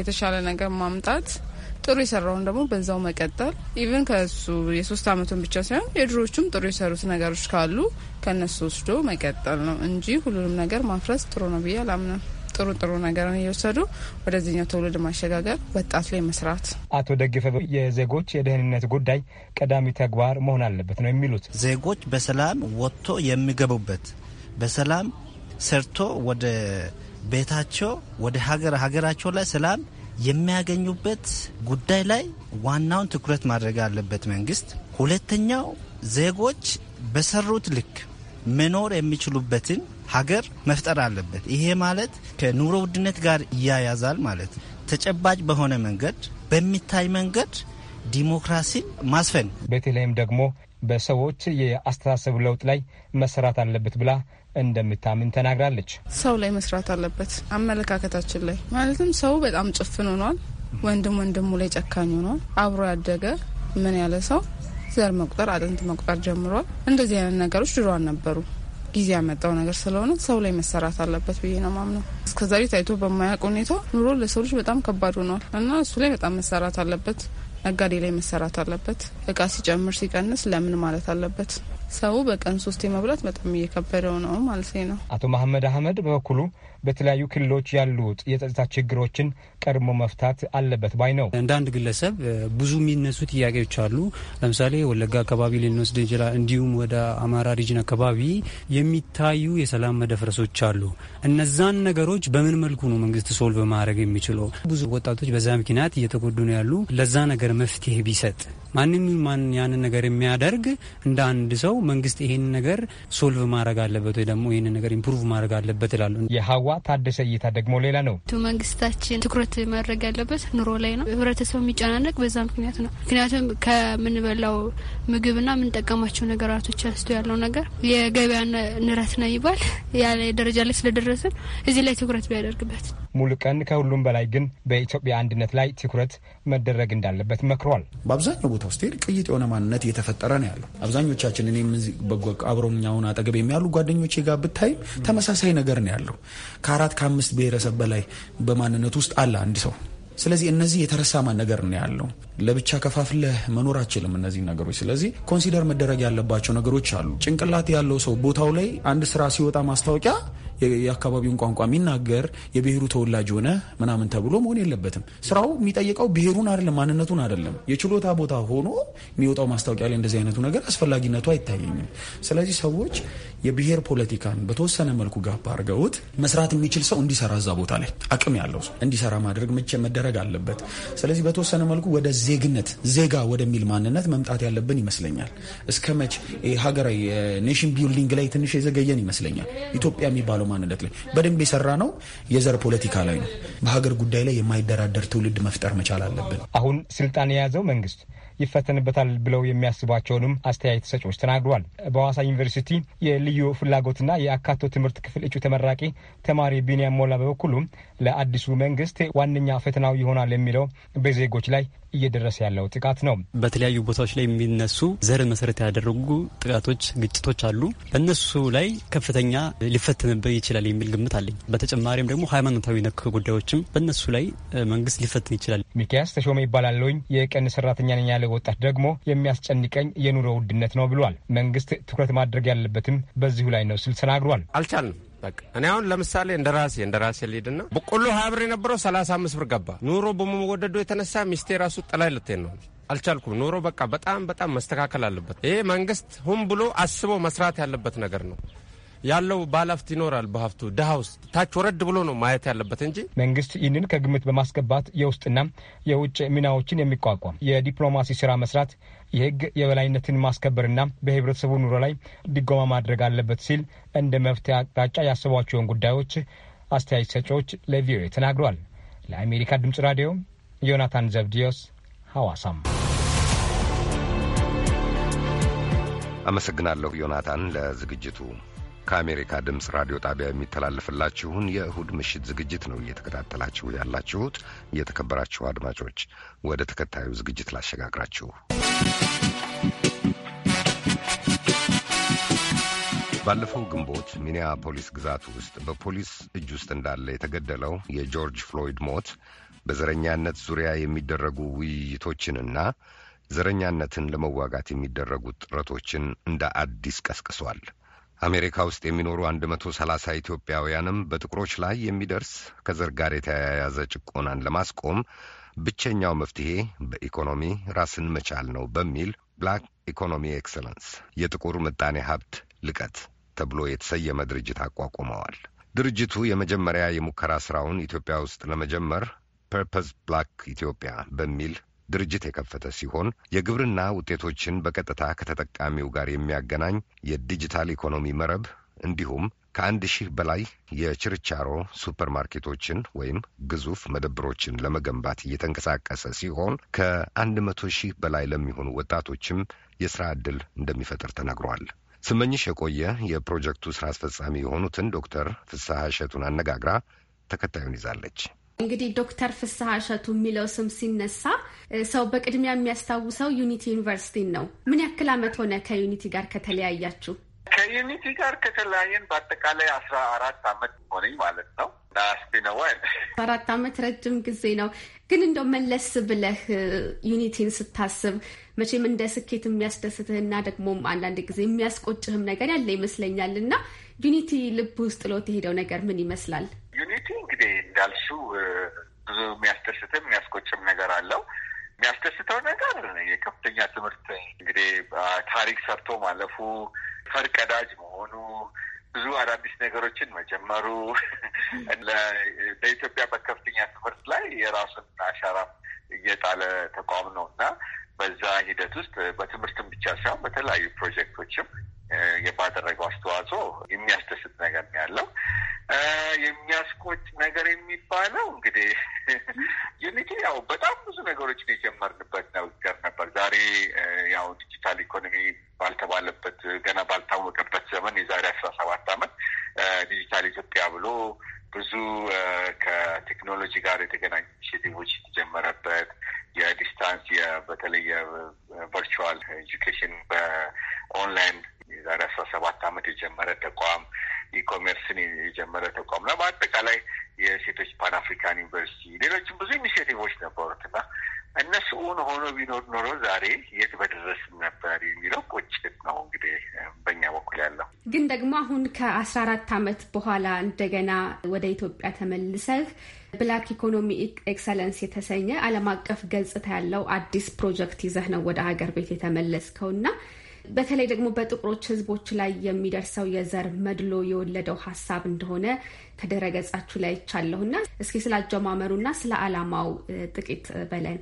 የተሻለ ነገር ማምጣት ጥሩ የሰራውን ደግሞ በዛው መቀጠል ኢቨን ከሱ የሶስት አመቱን ብቻ ሳይሆን የድሮቹም ጥሩ የሰሩት ነገሮች ካሉ ከነሱ ወስዶ መቀጠል ነው እንጂ ሁሉንም ነገር ማፍረስ ጥሩ ነው ብዬ አላምንም። ጥሩ ጥሩ ነገርን እየወሰዱ ወደዚህኛው ትውልድ ማሸጋገር፣ ወጣት ላይ መስራት። አቶ ደግፈ የዜጎች የደህንነት ጉዳይ ቀዳሚ ተግባር መሆን አለበት ነው የሚሉት። ዜጎች በሰላም ወጥቶ የሚገቡበት በሰላም ሰርቶ ወደ ቤታቸው ወደ ሀገር ሀገራቸው ላይ ሰላም የሚያገኙበት ጉዳይ ላይ ዋናውን ትኩረት ማድረግ አለበት መንግስት። ሁለተኛው ዜጎች በሰሩት ልክ መኖር የሚችሉበትን ሀገር መፍጠር አለበት። ይሄ ማለት ከኑሮ ውድነት ጋር እያያዛል ማለት ተጨባጭ በሆነ መንገድ በሚታይ መንገድ ዲሞክራሲን ማስፈን በተለይም ደግሞ በሰዎች የአስተሳሰብ ለውጥ ላይ መሰራት አለበት ብላ እንደምታምን ተናግራለች። ሰው ላይ መስራት አለበት አመለካከታችን ላይ ማለትም ሰው በጣም ጭፍን ሆኗል። ወንድም ወንድሙ ላይ ጨካኝ ሆኗል። አብሮ ያደገ ምን ያለ ሰው ዘር መቁጠር አጥንት መቁጠር ጀምሯል። እንደዚህ አይነት ነገሮች ድሮ ነበሩ? ጊዜ ያመጣው ነገር ስለሆነ ሰው ላይ መሰራት አለበት ብዬ ነው ማምነው። እስከዛሬ ታይቶ በማያውቅ ሁኔታ ኑሮ ለሰው ልጅ በጣም ከባድ ሆኗል እና እሱ ላይ በጣም መሰራት አለበት። ነጋዴ ላይ መሰራት አለበት። እቃ ሲጨምር ሲቀንስ ለምን ማለት አለበት። ሰው በቀን ሶስት የመብላት በጣም እየከበደው ነው ማለት ነው። አቶ መሐመድ አህመድ በበኩሉ በተለያዩ ክልሎች ያሉት የጸጥታ ችግሮችን ቀድሞ መፍታት አለበት ባይ ነው። እንደ አንድ ግለሰብ ብዙ የሚነሱ ጥያቄዎች አሉ። ለምሳሌ ወለጋ አካባቢ ልንወስድ እንችላል። እንዲሁም ወደ አማራ ሪጅን አካባቢ የሚታዩ የሰላም መደፍረሶች አሉ። እነዛን ነገሮች በምን መልኩ ነው መንግስት ሶልቭ ማድረግ የሚችለው? ብዙ ወጣቶች በዛ ምክንያት እየተጎዱ ነው ያሉ። ለዛ ነገር መፍትሄ ቢሰጥ ማንም ማን ያንን ነገር የሚያደርግ እንደ አንድ ሰው መንግስት ይህን ነገር ሶልቭ ማድረግ አለበት ወይ ደግሞ ይህን ነገር ኢምፕሩቭ ማድረግ አለበት ይላሉ። የሀዋ ታደሰ እይታ ደግሞ ሌላ ነው። መንግስታችን ትኩረት ማድረግ ያለበት ኑሮ ላይ ነው። ህብረተሰቡ የሚጨናነቅ በዛ ምክንያት ነው። ምክንያቱም ከምንበላው ምግብና የምንጠቀማቸው ነገራቶች አንስቶ ያለው ነገር የገበያ ንረት ነው ይባል ያለ ደረጃ ላይ ስለደረስን እዚህ ላይ ትኩረት ቢያደርግበት ቀን ከሁሉም በላይ ግን በኢትዮጵያ አንድነት ላይ ትኩረት መደረግ እንዳለበት መክሯል። በአብዛኛው ቦታ ውስጥ ቅይጥ የሆነ ማንነት እየተፈጠረ ነው ያለው። አብዛኞቻችን እኔም አብሮኛውን አጠገብ የሚያሉ ጓደኞቼ ጋር ብታይም ተመሳሳይ ነገር ነው ያለው። ከአራት ከአምስት ብሔረሰብ በላይ በማንነት ውስጥ አለ አንድ ሰው። ስለዚህ እነዚህ የተረሳማ ነገር ነው ያለው። ለብቻ ከፋፍለህ መኖር አችልም እነዚህ ነገሮች። ስለዚህ ኮንሲደር መደረግ ያለባቸው ነገሮች አሉ። ጭንቅላት ያለው ሰው ቦታው ላይ አንድ ስራ ሲወጣ ማስታወቂያ የአካባቢውን ቋንቋ የሚናገር የብሔሩ ተወላጅ ሆነ ምናምን ተብሎ መሆን የለበትም። ስራው የሚጠይቀው ብሔሩን አይደለም ማንነቱን አይደለም። የችሎታ ቦታ ሆኖ የሚወጣው ማስታወቂያ ላይ እንደዚህ አይነቱ ነገር አስፈላጊነቱ አይታየኝም። ስለዚህ ሰዎች የብሔር ፖለቲካን በተወሰነ መልኩ ጋብ አድርገውት መስራት የሚችል ሰው እንዲሰራ እዛ ቦታ ላይ አቅም ያለው ሰው እንዲሰራ ማድረግ መቼ መደረግ አለበት። ስለዚህ በተወሰነ መልኩ ወደ ዜግነት ዜጋ ወደሚል ማንነት መምጣት ያለብን ይመስለኛል። እስከ መች ሀገራዊ ኔሽን ቢልዲንግ ላይ ትንሽ የዘገየን ይመስለኛል። ኢትዮጵያ የሚባለው ማንነት ላይ በደንብ የሰራ ነው የዘር ፖለቲካ ላይ ነው። በሀገር ጉዳይ ላይ የማይደራደር ትውልድ መፍጠር መቻል አለብን። አሁን ስልጣን የያዘው መንግስት ይፈተንበታል ብለው የሚያስቧቸውንም አስተያየት ሰጪዎች ተናግሯል። በሐዋሳ ዩኒቨርሲቲ የልዩ ፍላጎትና የአካቶ ትምህርት ክፍል እጩ ተመራቂ ተማሪ ቢንያም ሞላ በበኩሉ ለአዲሱ መንግስት ዋነኛ ፈተናው ይሆናል የሚለው በዜጎች ላይ እየደረሰ ያለው ጥቃት ነው። በተለያዩ ቦታዎች ላይ የሚነሱ ዘር መሰረት ያደረጉ ጥቃቶች፣ ግጭቶች አሉ። በእነሱ ላይ ከፍተኛ ሊፈትንበት ይችላል የሚል ግምት አለኝ። በተጨማሪም ደግሞ ሃይማኖታዊ ነክ ጉዳዮችም በእነሱ ላይ መንግስት ሊፈትን ይችላል። ሚኪያስ ተሾመ ይባላለኝ። የቀን ሰራተኛ ነኝ ያለ ወጣት ደግሞ የሚያስጨንቀኝ የኑሮ ውድነት ነው ብሏል። መንግስት ትኩረት ማድረግ ያለበትም በዚሁ ላይ ነው ስል ተናግሯል። አልቻልንም በቃ እኔ አሁን ለምሳሌ እንደ ራሴ እንደ ራሴ ልሂድና በቆሎ ሀያ ብር የነበረው ሰላሳ አምስት ብር ገባ። ኑሮ በመወደዱ የተነሳ ሚስቴ ራሱ ጥላይ ልትሄድ ነው። አልቻልኩም። ኑሮ በቃ በጣም በጣም መስተካከል አለበት። ይሄ መንግስት ሁም ብሎ አስቦ መስራት ያለበት ነገር ነው። ያለው ባለሀብት ይኖራል በሀብቱ ድሃ ውስጥ ታች ወረድ ብሎ ነው ማየት ያለበት እንጂ መንግስት ይህንን ከግምት በማስገባት የውስጥና የውጭ ሚናዎችን የሚቋቋም የዲፕሎማሲ ስራ መስራት የህግ የበላይነትን ማስከበርና በህብረተሰቡ ኑሮ ላይ ድጎማ ማድረግ አለበት ሲል እንደ መፍትሄ አቅጣጫ ያሰቧቸውን ጉዳዮች አስተያየት ሰጪዎች ለቪኦኤ ተናግረዋል። ለአሜሪካ ድምጽ ራዲዮ ዮናታን ዘብዲዮስ ሐዋሳም አመሰግናለሁ። ዮናታን ለዝግጅቱ ከአሜሪካ ድምፅ ራዲዮ ጣቢያ የሚተላለፍላችሁን የእሁድ ምሽት ዝግጅት ነው እየተከታተላችሁ ያላችሁት። የተከበራችሁ አድማጮች፣ ወደ ተከታዩ ዝግጅት ላሸጋግራችሁ። ባለፈው ግንቦት ሚኒያፖሊስ ግዛት ውስጥ በፖሊስ እጅ ውስጥ እንዳለ የተገደለው የጆርጅ ፍሎይድ ሞት በዘረኛነት ዙሪያ የሚደረጉ ውይይቶችንና ዘረኛነትን ለመዋጋት የሚደረጉ ጥረቶችን እንደ አዲስ ቀስቅሷል። አሜሪካ ውስጥ የሚኖሩ 130 ኢትዮጵያውያንም በጥቁሮች ላይ የሚደርስ ከዘር ጋር የተያያዘ ጭቆናን ለማስቆም ብቸኛው መፍትሄ በኢኮኖሚ ራስን መቻል ነው በሚል ብላክ ኢኮኖሚ ኤክሰለንስ የጥቁር ምጣኔ ሀብት ልቀት ተብሎ የተሰየመ ድርጅት አቋቁመዋል። ድርጅቱ የመጀመሪያ የሙከራ ስራውን ኢትዮጵያ ውስጥ ለመጀመር ፐርፐዝ ብላክ ኢትዮጵያ በሚል ድርጅት የከፈተ ሲሆን የግብርና ውጤቶችን በቀጥታ ከተጠቃሚው ጋር የሚያገናኝ የዲጂታል ኢኮኖሚ መረብ እንዲሁም ከአንድ ሺህ በላይ የችርቻሮ ሱፐርማርኬቶችን ወይም ግዙፍ መደብሮችን ለመገንባት እየተንቀሳቀሰ ሲሆን ከአንድ መቶ ሺህ በላይ ለሚሆኑ ወጣቶችም የሥራ ዕድል እንደሚፈጥር ተነግሯል። ስመኝሽ የቆየ የፕሮጀክቱ ሥራ አስፈጻሚ የሆኑትን ዶክተር ፍስሐ እሸቱን አነጋግራ ተከታዩን ይዛለች። እንግዲህ ዶክተር ፍስሐ እሸቱ የሚለው ስም ሲነሳ ሰው በቅድሚያ የሚያስታውሰው ዩኒቲ ዩኒቨርሲቲን ነው። ምን ያክል ዓመት ሆነ ከዩኒቲ ጋር ከተለያያችሁ? ከዩኒቲ ጋር ከተለያየን በአጠቃላይ አስራ አራት አመት ሆነኝ ማለት ነው። አራት አመት ረጅም ጊዜ ነው። ግን እንደው መለስ ብለህ ዩኒቲን ስታስብ መቼም እንደ ስኬት የሚያስደስትህና ደግሞም አንዳንድ ጊዜ የሚያስቆጭህም ነገር ያለ ይመስለኛል እና ዩኒቲ ልብ ውስጥ ሎት የሄደው ነገር ምን ይመስላል? ዩኒቲ እንግዲህ እንዳልሱ ብዙ የሚያስደስትም የሚያስቆጭም ነገር አለው። የሚያስደስተው ነገር የከፍተኛ ትምህርት እንግዲህ ታሪክ ሰርቶ ማለፉ፣ ፈርቀዳጅ መሆኑ፣ ብዙ አዳዲስ ነገሮችን መጀመሩ ለኢትዮጵያ በከፍተኛ ትምህርት ላይ የራሱን አሻራ እየጣለ ተቋም ነው እና በዛ ሂደት ውስጥ በትምህርትም ብቻ ሳይሆን በተለያዩ ፕሮጀክቶችም ባደረገው አስተዋጽኦ የሚያስደስት ነገር ያለው የሚያስቆጭ ነገር የሚባለው እንግዲህ ዩኒቲ ያው በጣም ብዙ ነገሮችን የጀመርንበት ነገር ነበር። ዛሬ ያው ዲጂታል ኢኮኖሚ ባልተባለበት ገና ባልታወቀበት ዘመን የዛሬ አስራ ሰባት ዓመት ዲጂታል ኢትዮጵያ ብሎ ብዙ ከቴክኖሎጂ ጋር የተገናኙ ከ አራት ዓመት በኋላ እንደገና ወደ ኢትዮጵያ ተመልሰህ ብላክ ኢኮኖሚ ኤክሰለንስ የተሰኘ ዓለም አቀፍ ገጽታ ያለው አዲስ ፕሮጀክት ይዘህ ነው ወደ ሀገር ቤት የተመለስከው እና በተለይ ደግሞ በጥቁሮች ህዝቦች ላይ የሚደርሰው የዘር መድሎ የወለደው ሀሳብ እንደሆነ ከድረገጻችሁ ላይ ይቻለሁ እና እስኪ አጀማመሩ እና ስለ ዓላማው ጥቂት በለን።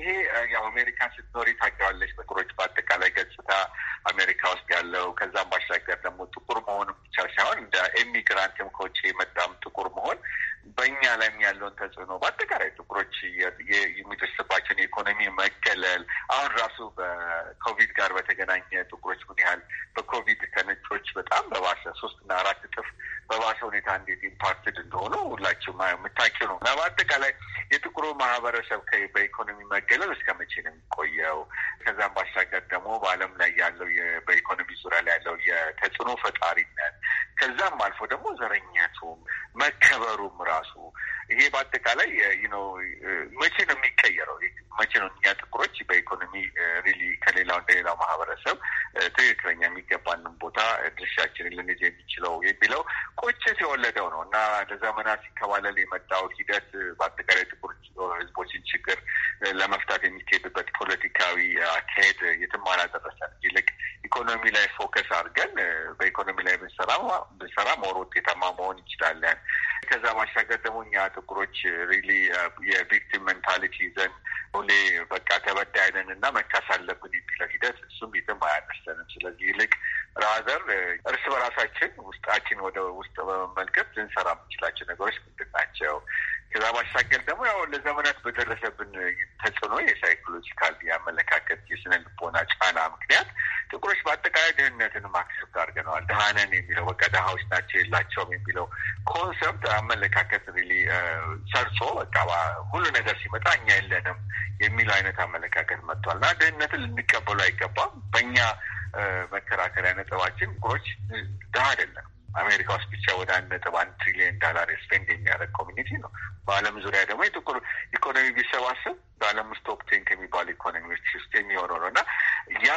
ይሄ ያው አሜሪካ ስትኖሪ ታውቂዋለሽ፣ በአጠቃላይ ገጽታ አሜሪካ ውስጥ ያለው ከዛም ባሻገር ደግሞ ጥቁር መሆኑም ብቻ ሳይሆን እንደ ኢሚግራንትም ከውጭ የመጣም ጥቁር መሆን በእኛ ላይም ያለውን ተጽዕኖ በአጠቃላይ ጥቁሮች የሚደርስባቸውን የኢኮኖሚ መገለል አሁን ራሱ በኮቪድ ጋር በተገናኘ ጥቁሮች ምን ያህል በኮቪድ ከነጮች በጣም በባሰ ሶስት እና አራት እጥፍ በባሰ ሁኔታ እንዴት ኢምፓክትድ እንደሆኑ ሁላችሁ የምታውቂው ነው እና በአጠቃላይ የጥቁሩ ማህበረሰብ በኢኮኖሚ መገለል እስከ መቼ ነው የሚቆየው? ከዛም ባሻገር ደግሞ በዓለም ላይ ያለው በኢኮኖሚ ዙሪያ ላይ ያለው የተጽዕኖ ፈጣሪነት ከዛም አልፎ ደግሞ ዘረኛቱም መከበሩም ራሱ ይሄ በአጠቃላይ ነው። መቼ ነው የሚቀየረው? መቼ ነው እኛ ጥቁሮች በኢኮኖሚ ሪሊ ከሌላው እንደሌላው ማህበረሰብ ትክክለኛ የሚገባንን ቦታ ድርሻችንን ልንይዝ የሚችለው የሚለው ቁጭት የወለደው ነው እና ለዘመናት ሲከባለል የመጣው ሂደት በአጠቃላይ ጥቁር ህዝቦችን ችግር ለመፍታት የሚካሄድበት ፖለቲካዊ አካሄድ የትም አላደረሰን። ይልቅ ኢኮኖሚ ላይ ፎከስ አድርገን በኢኮኖሚ ላይ ብንሰራ ብንሰራ መወር ውጤታማ መሆን እንችላለን። ከዛ ማሻገር ደግሞ እኛ ጥቁሮች ሪሊ uh, የቪክቲም ሜንታሊቲ ይዘን ሁሌ በቃ ተበዳይነን እና መካስ አለብን የሚለው ሂደት እሱም የትም አያደርሰንም። ስለዚህ ይልቅ ራዘር እርስ በራሳችን ውስጣችን ወደ ውስጥ በመመልከት ልንሰራ የምንችላቸው ነገሮች ምንድን ናቸው? ከዛ ባሻገር ደግሞ ያው ለዘመናት በደረሰብን ተጽዕኖ የሳይኮሎጂካል የአመለካከት የስነ ልቦና ጫና ምክንያት ጥቁሮች በአጠቃላይ ድህነትንም ማክሰብ አድርገነዋል። ድሃነን የሚለው በቃ ድሃዎች ናቸው የላቸውም የሚለው ኮንሰፕት አመለካከት ሪሊ ሰርጾ በቃ ሁሉ ነገር ሲመጣ እኛ የለንም የሚለው አይነት አመለካከት መጥቷል እና ድህነትን ልንቀበሉ አይገባም በእኛ መከራከሪያ ነጥባችን ጉሮች ድሀ አይደለም። አሜሪካ ውስጥ ብቻ ወደ አንድ ነጥብ አንድ ትሪሊየን ዳላር ስፔንድ የሚያደርግ ኮሚኒቲ ነው። በዓለም ዙሪያ ደግሞ የጥቁር ኢኮኖሚ ቢሰባሰብ በዓለም ውስጥ ቶፕ ቴን ከሚባሉ ኢኮኖሚዎች ውስጥ የሚሆነው ነው እና ያ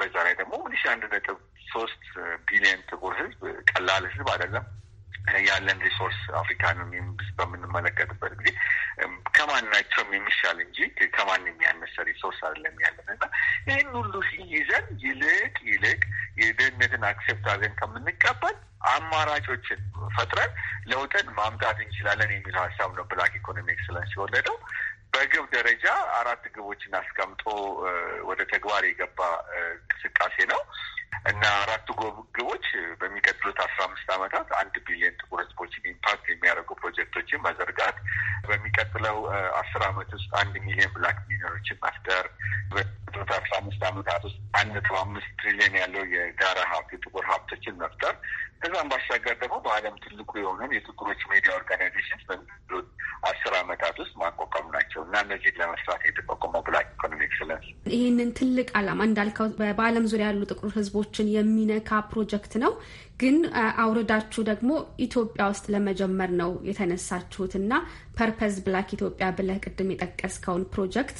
በዛ ላይ ደግሞ አንድ ነጥብ ሶስት ቢሊዮን ጥቁር ህዝብ ቀላል ህዝብ አይደለም። ያለን ሪሶርስ አፍሪካንም በምንመለከትበት ጊዜ ከማናቸውም የሚሻል እንጂ ከማን የሚያነሰ ሪሶርስ አይደለም ያለን እና ይህን ሁሉ ይዘን ይልቅ ይልቅ የድህነትን አክሴፕት አድርገን ከምንቀበል አማራጮችን ፈጥረን ለውጥን ማምጣት እንችላለን የሚለው ሀሳብ ነው ብላክ ኢኮኖሚ ኤክሰለንስ የወለደው። በግብ ደረጃ አራት ግቦችን አስቀምጦ ወደ ተግባር የገባ እንቅስቃሴ ነው እና አራቱ ግቦች በሚቀጥሉት አስራ አምስት ዓመታት አንድ ቢሊዮን ጥቁር ህዝቦችን ኢምፓክት የሚያደርጉ ፕሮጀክቶችን መዘርጋት፣ በሚቀጥለው አስር ዓመት ውስጥ አንድ ሚሊዮን ብላክ ሚሊዮኖችን መፍጠር፣ በሚቀጥሉት አስራ አምስት ዓመታት ውስጥ አንድ ነጥብ አምስት ትሪሊዮን ያለው የጋራ ሀብት የጥቁር ሀብቶችን መፍጠር ከዛም ባሻገር ደግሞ በዓለም ትልቁ የሆነን የጥቁሮች ሜዲያ ኦርጋናይዜሽን በሚቀጥሉት አስር አመታት ውስጥ ማቋቋሙ ናቸው እና እነዚህን ለመስራት የተቋቋመው ብላክ ኢኮኖሚ ኤክሰለንስ ይህንን ትልቅ አላማ እንዳልከው በዓለም ዙሪያ ያሉ ጥቁር ህዝቦችን የሚነካ ፕሮጀክት ነው። ግን አውርዳችሁ ደግሞ ኢትዮጵያ ውስጥ ለመጀመር ነው የተነሳችሁት እና ፐርፐዝ ብላክ ኢትዮጵያ ብለህ ቅድም የጠቀስከውን ፕሮጀክት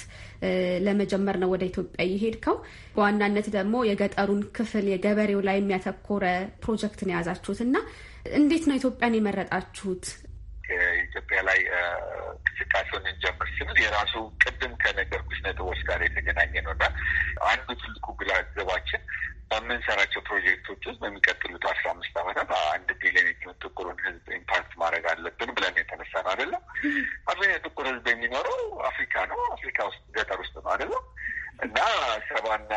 ለመጀመር ነው ወደ ኢትዮጵያ የሄድከው። በዋናነት ደግሞ የገጠሩን ክፍል የገበሬው ላይ የሚያተኮረ ፕሮጀክት ነው የያዛችሁት እና እንዴት ነው ኢትዮጵያን የመረጣችሁት? ኢትዮጵያ ላይ እንቅስቃሴውን እንጀምር ስንል የራሱ ቅድም ከነገርኩሽ ነጥቦች ጋር የተገናኘ ነው እና አንዱ ትልቁ ግላዘባችን በምንሰራቸው ፕሮጀክቶች ውስጥ በሚቀጥሉት አስራ አምስት ዓመታት አንድ ቢሊዮን የሚሆን ጥቁሩን ሕዝብ ኢምፓክት ማድረግ አለብን ብለን የተነሳ ነው አይደለም። አብዛኛው ጥቁር ሕዝብ የሚኖረው አፍሪካ ነው። አፍሪካ ውስጥ ገጠር ውስጥ ነው አይደለም። እና ሰባና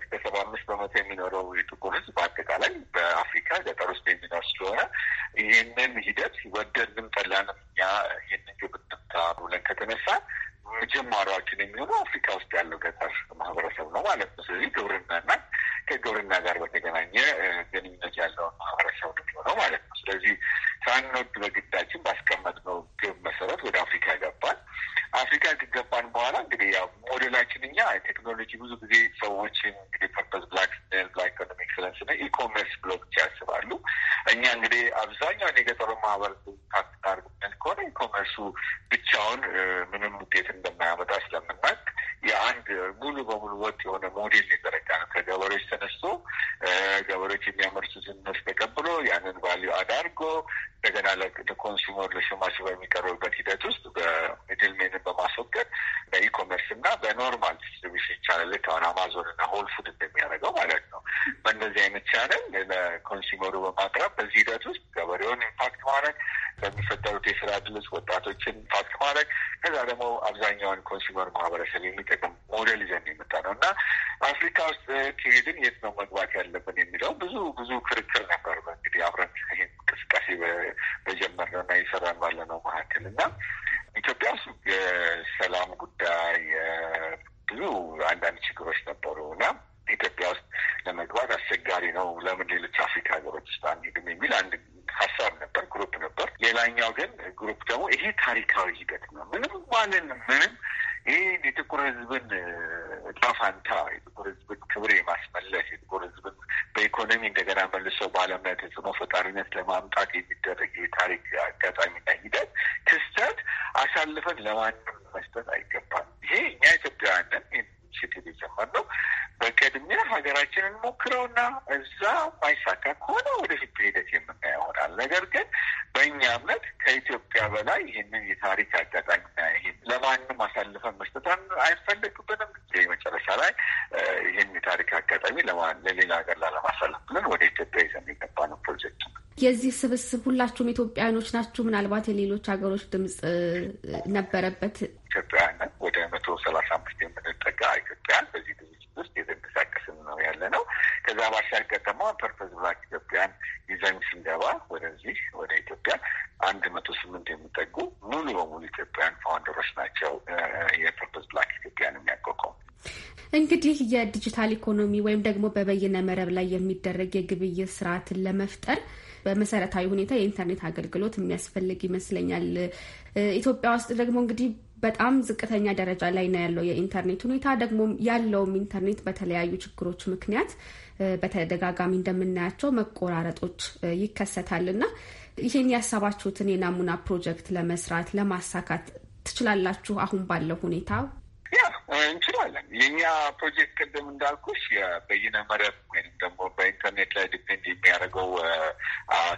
እስከ ሰባ አምስት በመቶ የሚኖረው የጥቁር ህዝብ በአጠቃላይ በአፍሪካ ገጠር ውስጥ የሚኖር ስለሆነ ይህንን ሂደት ወደድንም ጠላንም እኛ ይህንን ግብ ብለን ከተነሳ ጅማሯችን የሚሆነው አፍሪካ ውስጥ ያለው ገጠር ማህበረሰብ ነው ማለት ነው። ስለዚህ ግብርናና ከግብርና ጋር በተገናኘ ግንኙነት ያለውን ማህበረሰብ ነው የሚሆነው ማለት ነው። ስለዚህ ሳንወድ በግዳችን ባስቀመጥነው ግብ መሰረት ወደ አፍሪካ ገባል። አፍሪካ ከገባን በኋላ እንግዲህ ያው ሞዴላችን እኛ ቴክኖሎጂ ብዙ ጊዜ ሰዎች እንግዲህ ፐርፐስ ብላክ ብላክ ኢኮኖሚ ኤክሰለንስ እና ኢኮሜርስ ብሎ ብቻ ያስባሉ። እኛ እንግዲህ አብዛኛውን የገጠሩ ማህበረሰብ ታርግብን ከሆነ ኢኮሜርሱ ብቻውን ምንም ውጤት እንደማያመጣ ስለምናቅ የአንድ ሙሉ በሙሉ ወጥ የሆነ ሞዴል የዘረጋ ነው። ከገበሬዎች ተነስቶ ገበሬዎች የሚያመርሱትን ምርት ተቀብሎ ያንን ቫሊዩ አድ አድርጎ እንደገና ለኮንሱመር ለሸማቹ በሚቀርብበት ሂደት ውስጥ በሚድልሜንን በማስወገድ በኢኮመርስ እና በኖርማል ዲስትሪቢሽን ቻናል ልክ አማዞን እና ሆል ፉድ እንደሚያደርገው ማለት ነው። በእነዚህ አይነት ቻናል ለኮንሱመሩ በማቅረብ በዚህ ሂደት ውስጥ ገበሬውን ኢምፓክት ማድረግ በሚፈጠሩት የስራ ድልስ ወጣቶችን ኢምፓክት ማድረግ ከዛ ደግሞ አብዛኛውን ኮንሱመር ማህበረሰብ የሚጠቅም ሞዴል ይዘን የመጣ ነው እና አፍሪካ ውስጥ ቱሪዝም የት ነው መግባት ያለብን የሚለው ብዙ ብዙ ክርክር ነበር። በእንግዲህ አብረን ይሄን እንቅስቃሴ በጀመርነው እና እየሰራን ባለነው መካከል እና ኢትዮጵያ ውስጥ የሰላም ጉዳይ ብዙ አንዳንድ ችግሮች ነበሩ እና ኢትዮጵያ ውስጥ ለመግባት አስቸጋሪ ነው፣ ለምን ሌሎች አፍሪካ ሀገሮች ውስጥ አንሄድም የሚል አንድ ሀሳብ ነበር፣ ግሩፕ ነበር። ሌላኛው ግን ግሩፕ ደግሞ ይሄ ታሪካዊ ሂደት ነው ምንም ማለን ምንም ይህ የጥቁር ሕዝብን ዕጣ ፈንታ የጥቁር ሕዝብን ክብር የማስመለስ የጥቁር ሕዝብን በኢኮኖሚ እንደገና መልሶ በዓለም ላይ ተጽዕኖ ፈጣሪነት ለማምጣት የሚደረግ የታሪክ አጋጣሚና ሂደት ክስተት አሳልፈን ለማንም መስጠት አይገባም። ይሄ እኛ ኢትዮጵያውያንን ኢኒሽቲቭ የጀመርነው በቅድሚያ ሀገራችንን ሞክረውና እዛ ማይሳካ ከሆነ ወደፊት ሂደት የምናየው ይሆናል። ነገር ግን በእኛ እምነት ከኢትዮጵያ በላይ ይህንን የታሪክ አጋጣሚና ይህን ለማንም አሳልፈን መስጠት አይፈለግብንም። መጨረሻ ላይ ይህን የታሪክ አጋጣሚ ለሌላ ሀገር ላለማሳለፍ ብለን ወደ ኢትዮጵያ ይዘን የገባ ነው ፕሮጀክት ነው። የዚህ ስብስብ ሁላችሁም ኢትዮጵያውያኖች ናችሁ። ምናልባት የሌሎች ሀገሮች ድምፅ ነበረበት። ኢትዮጵያውያንን ወደ መቶ ሰላሳ አምስት የምንጠጋ ኢትዮጵያን በዚህ ድርጅት ውስጥ የተንቀሳቀስን ነው ያለ ነው። ከዛ ባሻገር ደግሞ ፐርፐዝ ብላክ ኢትዮጵያን ይዘን ስንገባ ወደዚህ ወደ ኢትዮጵያ አንድ መቶ ስምንት የሚጠጉ ሙሉ በሙሉ ኢትዮጵያን ፋውንደሮች ናቸው የፐርፐዝ ብላክ ኢትዮጵያን የሚያቋቋሙ። እንግዲህ የዲጂታል ኢኮኖሚ ወይም ደግሞ በበይነ መረብ ላይ የሚደረግ የግብይት ስርዓትን ለመፍጠር በመሰረታዊ ሁኔታ የኢንተርኔት አገልግሎት የሚያስፈልግ ይመስለኛል። ኢትዮጵያ ውስጥ ደግሞ እንግዲህ በጣም ዝቅተኛ ደረጃ ላይ ነው ያለው የኢንተርኔት ሁኔታ። ደግሞ ያለውም ኢንተርኔት በተለያዩ ችግሮች ምክንያት በተደጋጋሚ እንደምናያቸው መቆራረጦች ይከሰታል እና ይህን ያሰባችሁትን የናሙና ፕሮጀክት ለመስራት ለማሳካት ትችላላችሁ አሁን ባለው ሁኔታ ያ እንችላለን። የእኛ ፕሮጀክት ቅድም እንዳልኩሽ የበይነ መረብ ወይም ደግሞ በኢንተርኔት ላይ ዲፔንድ የሚያደርገው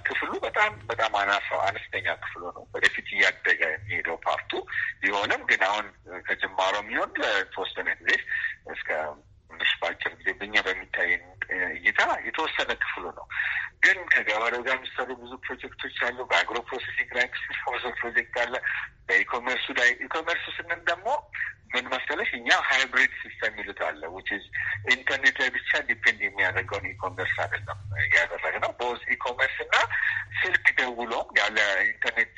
ክፍሉ በጣም በጣም አናሳው አነስተኛ ክፍሉ ነው። ወደፊት እያደገ የሚሄደው ፓርቱ ቢሆንም ግን አሁን ከጅማሮ የሚሆን ለተወሰነ ጊዜ እስከ ትንሽ በአጭር ጊዜ ብኛ በሚታይ እይታ የተወሰነ ክፍሉ ነው። ግን ከገበሬው ጋር የሚሰሩ ብዙ ፕሮጀክቶች አሉ። በአግሮ ፕሮሴሲንግ ላይ ብዙ ፕሮጀክት አለ። በኢኮሜርሱ ላይ ኢኮሜርሱ ስንል ደግሞ ምን መሰለሽ እኛ ሃይብሪድ ሲስተም ይሉት አለ ዊች ኢንተርኔት ላይ ብቻ ዲፔንድ የሚያደርገውን ኢኮሜርስ አይደለም ነው። ቦዝ ኢኮሜርስ እና ስልክ ደውሎም ያለ ኢንተርኔት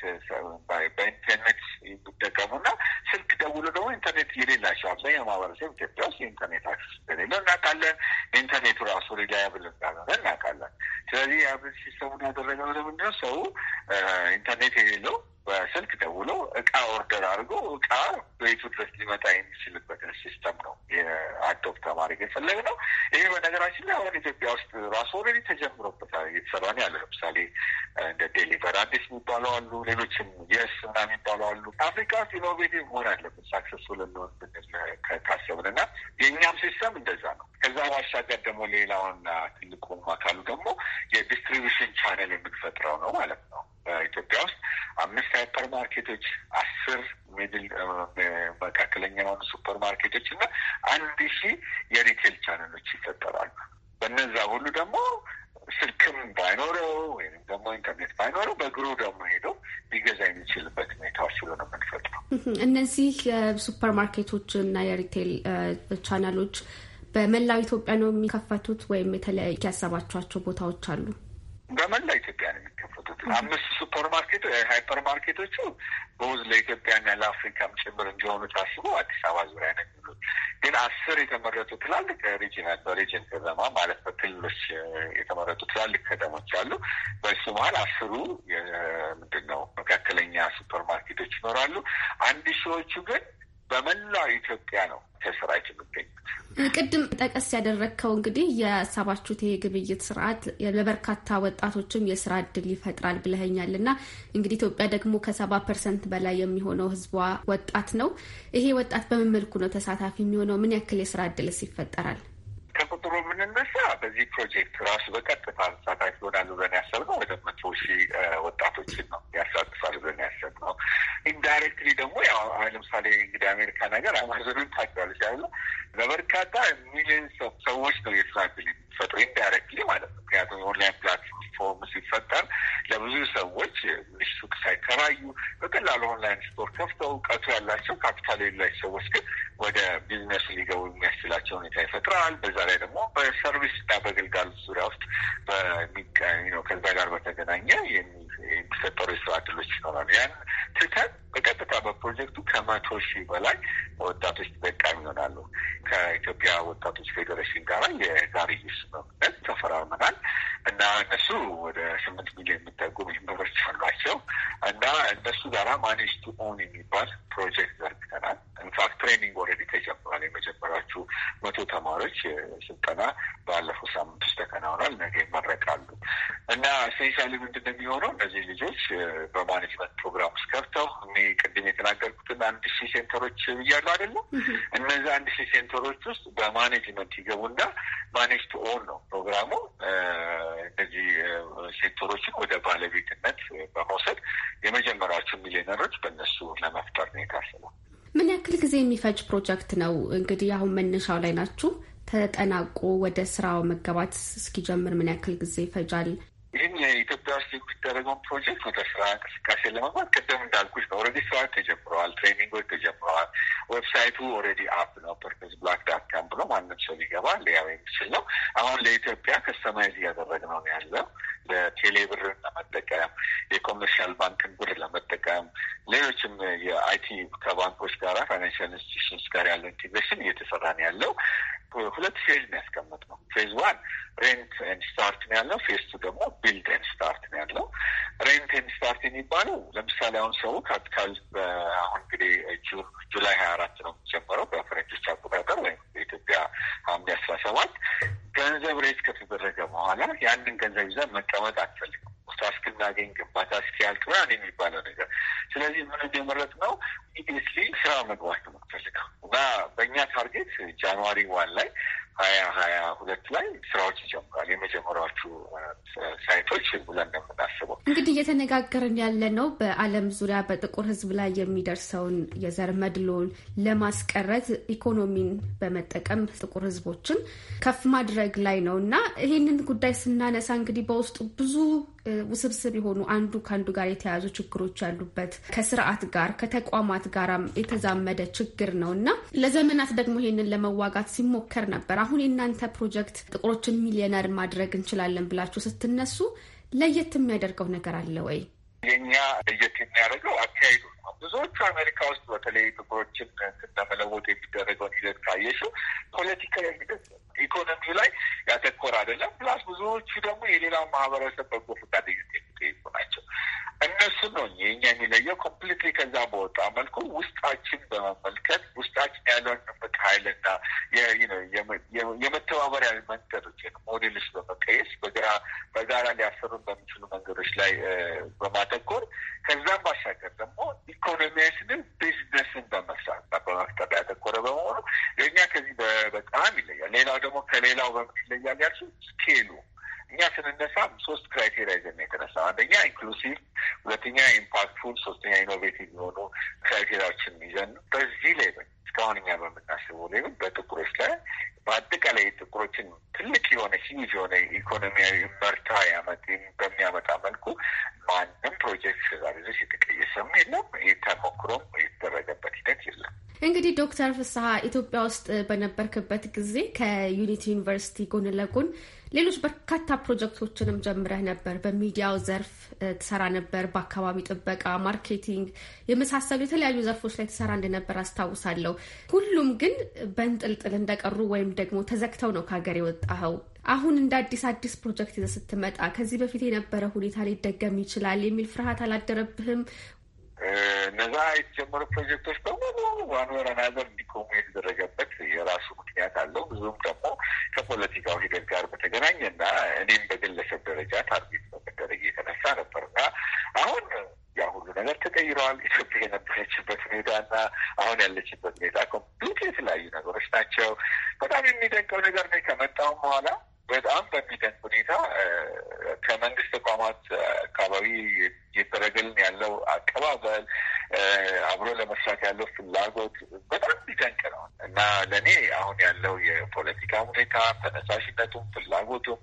በኢንተርኔት የሚጠቀሙ እና ስልክ ደውሎ ደግሞ ኢንተርኔት የሌላቸው አብዛኛው ማህበረሰብ ኢትዮጵያ ውስጥ የኢንተርኔት አክሰስ እንደሌለው እናውቃለን። ኢንተርኔቱ ራሱ ሪላያብል እንዳልሆነ እናውቃለን። ስለዚህ ሃይብሪድ ሲስተሙን ያደረግነው ለምንድነው ሰው ኢንተርኔት የሌለው በስልክ ደውሎ እቃ ኦርደር አድርጎ እቃ ቤቱ ድረስ ሊመ ሊመጣ የሚችልበትን ሲስተም ነው የአዶፕት ማድረግ የፈለግ ነው። ይህ በነገራችን ላይ አሁን ኢትዮጵያ ውስጥ ራሱ ኦልሬዲ ተጀምሮበታል እየተሰራ ነው ያለ። ለምሳሌ እንደ ዴሊቨር አዲስ የሚባሉ አሉ፣ ሌሎችም የስ እና የሚባሉ አሉ። አፍሪካ ውስጥ ኢኖቬቲቭ መሆን አለብን ሳክሰስፉል እንሆን ብንል ከታሰብን እና የእኛም ሲስተም እንደዛ ነው። ከዛ ባሻገር ደግሞ ሌላውና ትልቁ አካሉ ደግሞ የዲስትሪቢሽን ቻነል የምንፈጥረው ነው ማለት ነው። ኢትዮጵያ ውስጥ አምስት ሃይፐር ማርኬቶች፣ አስር ሚድል መካከለኛ የሆኑ ሱፐር ማርኬቶች እና አንድ ሺህ የሪቴል ቻነሎች ይፈጠራሉ። በነዛ ሁሉ ደግሞ ስልክም ባይኖረው ወይም ደግሞ ኢንተርኔት ባይኖረው በእግሩ ደግሞ ሄደው ሊገዛ የሚችልበት ሁኔታዎች ስሎ ነው የምንፈጥረው። እነዚህ የሱፐር ማርኬቶች እና የሪቴል ቻናሎች በመላው ኢትዮጵያ ነው የሚከፈቱት ወይም የተለያዩ ያሰባቸዋቸው ቦታዎች አሉ? በመላ ኢትዮጵያ ነው የሚከፈቱት። አምስት ሱፐር ማርኬቶ ሃይፐር ማርኬቶቹ በውዝ ለኢትዮጵያና ለአፍሪካም ጭምር እንዲሆኑ ታስቦ አዲስ አበባ ዙሪያ ነው የሚሉት። ግን አስር የተመረጡ ትላልቅ ሪጅናል በሪጅን ከተማ ማለት በክልሎች የተመረጡ ትላልቅ ከተሞች አሉ። በሱ መሀል አስሩ ምንድን ነው መካከለኛ ሱፐር ማርኬቶች ይኖራሉ። አንድ ሺዎቹ ግን በመላው ኢትዮጵያ ነው ከስራች የሚገኙት። ቅድም ጠቀስ ያደረግከው እንግዲህ የሰባችሁት ይሄ ግብይት ስርዓት ለበርካታ ወጣቶችም የስራ እድል ይፈጥራል ብለኸኛል እና እንግዲህ ኢትዮጵያ ደግሞ ከሰባ ፐርሰንት በላይ የሚሆነው ህዝቧ ወጣት ነው። ይሄ ወጣት በምን መልኩ ነው ተሳታፊ የሚሆነው? ምን ያክል የስራ እድልስ ይፈጠራል? ከቁጥሩ የምንነሳ በዚህ ፕሮጀክት ራሱ በቀጥታ ተሳታፊ ይሆናሉ ብለን ያሰብነው ወደ መቶ ሺህ ወጣቶችን ነው ያሳትፋል ብለን ያሰብነው። ኢንዳይሬክትሊ ደግሞ ያው ለምሳሌ እንግዲህ አሜሪካ ነገር አማዞንን ታውቂዋለሽ ያሉ በበርካታ ሚሊዮን ሰዎች ነው የስራ ዕድል የምትፈጥሩ ኢንዳይሬክትሊ ማለት ነው። ምክንያቱም የኦንላይን ፕላትፎርም ሲፈጠር ለብዙ ሰዎች ሱቅ ሳይከራዩ በቀላሉ ኦንላይን ስቶር ከፍተው እውቀቱ ያላቸው ካፒታል የሌላቸው ሰዎች ግን ወደ ቢዝነስ ሊገቡ የሚያስችላቸው ሁኔታ ይፈጥራል። በዛ ላይ ደግሞ በሰርቪስ እና በግልጋሎት ዙሪያ ውስጥ ከዛ ጋር በተገናኘ የሚፈጠሩ የስራ እድሎች ይኖራሉ። ያን ትተን በቀጥታ በፕሮጀክቱ ከመቶ ሺህ በላይ ወጣቶች ተጠቃሚ ይሆናሉ። ከኢትዮጵያ ወጣቶች ፌዴሬሽን ጋር የጋርዮሽ ስምምነት ተፈራርመናል እና እነሱ ወደ ስምንት ሚሊዮን የሚጠጉ ሜምበሮች አሏቸው እና እነሱ ጋራ ማኔጅ ቱ ኦን የሚባል ፕሮጀክት ዘርግተናል። ኢንፋክት ትሬኒንግ ኦልሬዲ ተጀምሯል። የመጀመሪያዎቹ መቶ ተማሪዎች ስልጠና ባለፈው ሳምንት ውስጥ ተከናውኗል። ነገ ይመረቃሉ እና ስፔሻሊ ምንድን ነው የሚሆነው እነዚህ ልጆች በማኔጅመንት ፕሮግራም ውስጥ ገብተው እኔ ቅድም የተናገርኩትን አንድ ሺ ሴንተሮች እያሉ አይደለም እነዚህ አንድ ሺ ሴንተሮች ውስጥ በማኔጅመንት ይገቡና ማኔጅ ቱ ኦን ነው ፕሮግራሙ እነዚህ ሴንተሮችን ወደ ባለቤትነት በመውሰድ የመጀመሪያዎቹ ሚሊዮነሮች በእነሱ ለመፍጠር ነው የታሰበው። ምን ያክል ጊዜ የሚፈጅ ፕሮጀክት ነው? እንግዲህ አሁን መነሻው ላይ ናችሁ። ተጠናቆ ወደ ስራው መገባት እስኪጀምር ምን ያክል ጊዜ ይፈጃል? ይህም የኢትዮጵያ ውስጥ የሚደረገውን ፕሮጀክት ወደ ስራ እንቅስቃሴ ለመግባት ቅድም እንዳልኩሽ ኦልሬዲ ስራዎች ተጀምረዋል፣ ትሬኒንጎች ተጀምረዋል። ዌብሳይቱ ኦልሬዲ አፕ ነው። ፐርፐዝ ብላክ ዳት ካም ብሎ ማንም ሰው ሊገባ ሊያው የሚችል ነው። አሁን ለኢትዮጵያ ከስተማይዝ እያደረግ ነው ያለው ለቴሌ ብርን ለመጠቀም የኮመርሻል ባንክን ብር ለመጠቀም ሌሎችም የአይቲ ከባንኮች ጋራ ፋይናንሽል ኢንስቲቱሽንስ ጋር ያለው ኢንቴግሬሽን እየተሰራ ነው ያለው። ሁለት ፌዝ ነው ያስቀመጥ ነው። ፌዝ ዋን ሬንት ኤንድ ስታርት ነው ያለው። ፌዝ ቱ ደግሞ ቢልድ ኤንድ ስታርት ነው ያለው። ሬንት ኤንድ ስታርት የሚባለው ለምሳሌ አሁን ሰው ካፒታል አሁን እንግዲህ ጁላይ ሀያ አራት ነው የሚጀምረው በፈረንጆች አቆጣጠር ወይም በኢትዮጵያ ሐምሌ አስራ ሰባት ገንዘብ ሬት ከተደረገ በኋላ ያንን ገንዘብ ይዘን መቀመጥ አትፈልግም ቦታ እስክናገኝ ግንባታ እስኪያልቅ ምናምን የሚባለው ነገር። ስለዚህ ምን እንደመረጥ ነው ኢዲስሊ ስራ መግባት ነው የምንፈልገው እና በእኛ ታርጌት ጃንዋሪ ዋን ላይ ሀያ ሀያ ሁለት ላይ ስራዎች ይጀምራል። የመጀመሪያዎቹ ሳይቶች ብለን እንደምና እንግዲህ እየተነጋገርን ያለ ነው በዓለም ዙሪያ በጥቁር ሕዝብ ላይ የሚደርሰውን የዘር መድሎን ለማስቀረት ኢኮኖሚን በመጠቀም ጥቁር ሕዝቦችን ከፍ ማድረግ ላይ ነው እና ይህንን ጉዳይ ስናነሳ እንግዲህ በውስጡ ብዙ ውስብስብ የሆኑ አንዱ ከአንዱ ጋር የተያያዙ ችግሮች ያሉበት ከስርዓት ጋር ከተቋማት ጋራም የተዛመደ ችግር ነው እና ለዘመናት ደግሞ ይሄንን ለመዋጋት ሲሞከር ነበር። አሁን የእናንተ ፕሮጀክት ጥቁሮችን ሚሊዮነር ማድረግ እንችላለን ብላችሁ ስትነሱ ለየት የሚያደርገው ነገር አለ ወይ? የኛ ለየት የሚያደርገው አካሄዱ ነው። ብዙዎቹ አሜሪካ ውስጥ በተለይ ጥቁሮችን ለመለወጥ የሚደረገውን ሂደት ካየሽው ፖለቲካዊ ሂደት ነው። ኢኮኖሚ ላይ ያተኮር አይደለም። ፕላስ ብዙዎቹ ደግሞ የሌላው ማህበረሰብ በጎ ፈቃደኝነት የሚጠይቁ ናቸው። እነሱ ነው የኛ የሚለየው። ኮምፕሊት ከዛ በወጣ መልኩ ውስጣችን በመመልከት ውስጣችን ያለውን ምቅ ኃይልና የመተባበሪያ መንገዶች ሞዴልስ በመቀየስ በጋራ ሊያሰሩን በሚችሉ መንገዶች ላይ በማተኮር ከዛም ባሻገር ደግሞ ኢኮኖሚያችንን ቢዝነስን በመስራትና በመፍጠር ያተኮረ በመሆኑ ለእኛ ከዚህ በጣም ይለያል። ሌላው ደግሞ ከሌላው በምን ይለያል ያልሱ ስኬሉ እኛ ስንነሳ ሶስት ክራይቴሪያ ይዘን ነው አንደኛ ኢንክሉሲቭ፣ ሁለተኛ ኢምፓክትፉል፣ ሶስተኛ ኢኖቬቲቭ የሆኑ ክራይቴሪያዎችን ይዘን በዚህ ላይ እስካሁን እኛ በምናስበው ላይ በጥቁሮች ላይ በአጠቃላይ ጥቁሮችን ትልቅ የሆነ ሂዩጅ የሆነ ኢኮኖሚያዊ መርታ ያመጥ በሚያመጣ መልኩ ማንም ፕሮጀክት ስዛሪዞች የተቀየሰም የለም የተሞክሮም የተደረገበት ሂደት የለም። እንግዲህ ዶክተር ፍስሀ ኢትዮጵያ ውስጥ በነበርክበት ጊዜ ከዩኒቲ ዩኒቨርሲቲ ጎን ለጎን ሌሎች በርካታ ፕሮጀክቶችንም ጀምረህ ነበር። በሚዲያው ዘርፍ ትሰራ ነበር፣ በአካባቢ ጥበቃ፣ ማርኬቲንግ የመሳሰሉ የተለያዩ ዘርፎች ላይ ትሰራ እንደነበር አስታውሳለሁ። ሁሉም ግን በንጥልጥል እንደቀሩ ወይም ደግሞ ተዘግተው ነው ከሀገር የወጣኸው። አሁን እንደ አዲስ አዲስ ፕሮጀክት ይዘህ ስትመጣ ከዚህ በፊት የነበረ ሁኔታ ሊደገም ይችላል የሚል ፍርሃት አላደረብህም እነዛ የተጀመሩ ፕሮጀክቶች በሙሉ ዋንወረ ወረን እንዲቆሙ የተደረገበት የራሱ ምክንያት አለው። ብዙም ደግሞ ከፖለቲካው ሂደት ጋር በተገናኘና እኔም በግለሰብ ደረጃ ታርጌት በመደረግ የተነሳ ነበር እና አሁን ያ ሁሉ ነገር ተቀይረዋል። ኢትዮጵያ የነበረችበት ሁኔታና አሁን ያለችበት ሁኔታ ኮምፕሊት የተለያዩ ነገሮች ናቸው። በጣም የሚደንቀው ነገር ነው ከመጣውም በኋላ በጣም በሚደንቅ ሁኔታ ከመንግስት ተቋማት አካባቢ የተረገልን ያለው አቀባበል፣ አብሮ ለመስራት ያለው ፍላጎት በጣም ሚደንቅ ነው እና ለእኔ አሁን ያለው የፖለቲካ ሁኔታ ተነሳሽነቱም ፍላጎቱም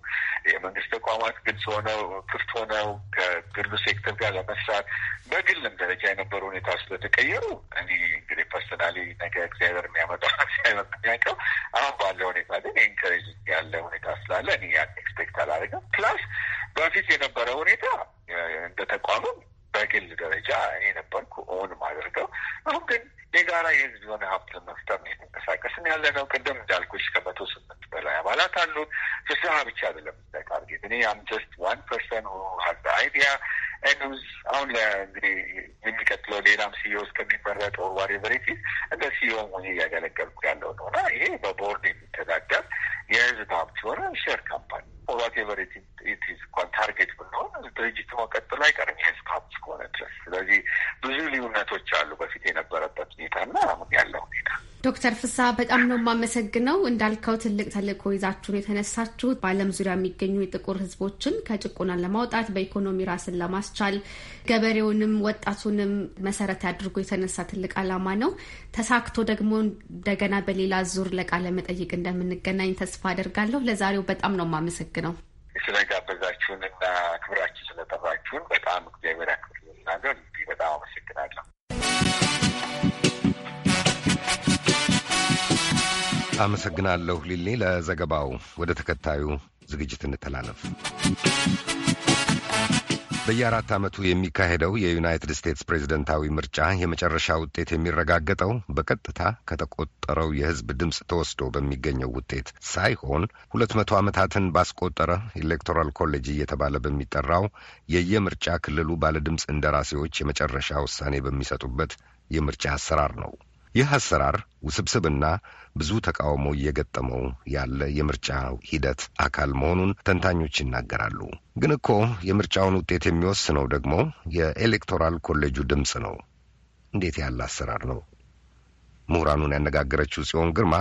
የመንግስት ተቋማት ግልጽ ሆነው ክፍት ሆነው ከግሉ ሴክተር ጋር ለመስራት በግልም ደረጃ የነበሩ ሁኔታ ስለተቀየሩ እኔ እንግዲህ ፐርሰናሊ ነገ እግዚአብሔር የሚያመጣው እግዚአብሔር የሚያውቀው አሁን ባለው ሁኔታ ግን ኤንከሬጅ ያለ ሁኔታ ስላ እንዳለ እኔ ኤክስፔክት አላደርግም። ፕላስ በፊት የነበረ ሁኔታ እንደ ተቋምም በግል ደረጃ እኔ ነበርኩ ኦን ማድርገው አሁን ግን የጋራ የህዝብ የሆነ ሀብት መፍጠር ነው የተንቀሳቀስን ያለ ነው። ቅድም እንዳልኩሽ ከመቶ ስምንት በላይ አባላት አሉ። ፍስሀ ብቻ አይደለም ታርጌት እኔ አም ጀስት ዋን ፐርሰን ሀዝ አይዲያ ኤንዝ አሁን እንግዲህ የሚቀጥለው ሌላም ሲዮ እስከሚመረጥ ኦር ዋሬቨር እንደ ሲዮ ሆኜ እያገለገልኩ ያለው ነው እና ይሄ በቦርድ የሚተዳደር የህዝብ ሀብት የሆነ ሼር ካምፓኒ ኦር ዋቴቨር ኢት ኢዝ እንኳን ታርጌት ብንሆን ድርጅቱ መቀጠሉ አይቀርም የህዝብ ሀብት እስከሆነ ድረስ። ስለዚህ ብዙ ልዩነቶች አሉ በፊት የነበረበት ሁኔታና አሁን ያለው ሁኔታ ዶክተር ፍስሀ በጣም ነው የማመሰግነው። እንዳልከው ትልቅ ተልእኮ ይዛችሁን የተነሳችሁት በዓለም ዙሪያ የሚገኙ የጥቁር ሕዝቦችን ከጭቆና ለማውጣት በኢኮኖሚ ራስን ለማስቻል ገበሬውንም ወጣቱንም መሰረት አድርጎ የተነሳ ትልቅ ዓላማ ነው። ተሳክቶ ደግሞ እንደገና በሌላ ዙር ለቃለ መጠይቅ እንደምንገናኝ ተስፋ አደርጋለሁ። ለዛሬው በጣም ነው የማመሰግነው። ስለጋበዛችሁን እና ክብራችሁ ስለጠራችሁን በጣም እግዚአብሔር ያክብርልን። በጣም አመሰግናለሁ። አመሰግናለሁ ሊሊ ለዘገባው። ወደ ተከታዩ ዝግጅት እንተላለፍ። በየአራት ዓመቱ የሚካሄደው የዩናይትድ ስቴትስ ፕሬዝደንታዊ ምርጫ የመጨረሻ ውጤት የሚረጋገጠው በቀጥታ ከተቆጠረው የሕዝብ ድምፅ ተወስዶ በሚገኘው ውጤት ሳይሆን ሁለት መቶ ዓመታትን ባስቆጠረ ኤሌክቶራል ኮሌጅ እየተባለ በሚጠራው የየምርጫ ክልሉ ባለድምፅ እንደራሴዎች የመጨረሻ ውሳኔ በሚሰጡበት የምርጫ አሰራር ነው። ይህ አሰራር ውስብስብና ብዙ ተቃውሞ እየገጠመው ያለ የምርጫ ሂደት አካል መሆኑን ተንታኞች ይናገራሉ። ግን እኮ የምርጫውን ውጤት የሚወስነው ደግሞ የኤሌክቶራል ኮሌጁ ድምፅ ነው። እንዴት ያለ አሰራር ነው? ምሁራኑን ያነጋገረችው ጽዮን ግርማ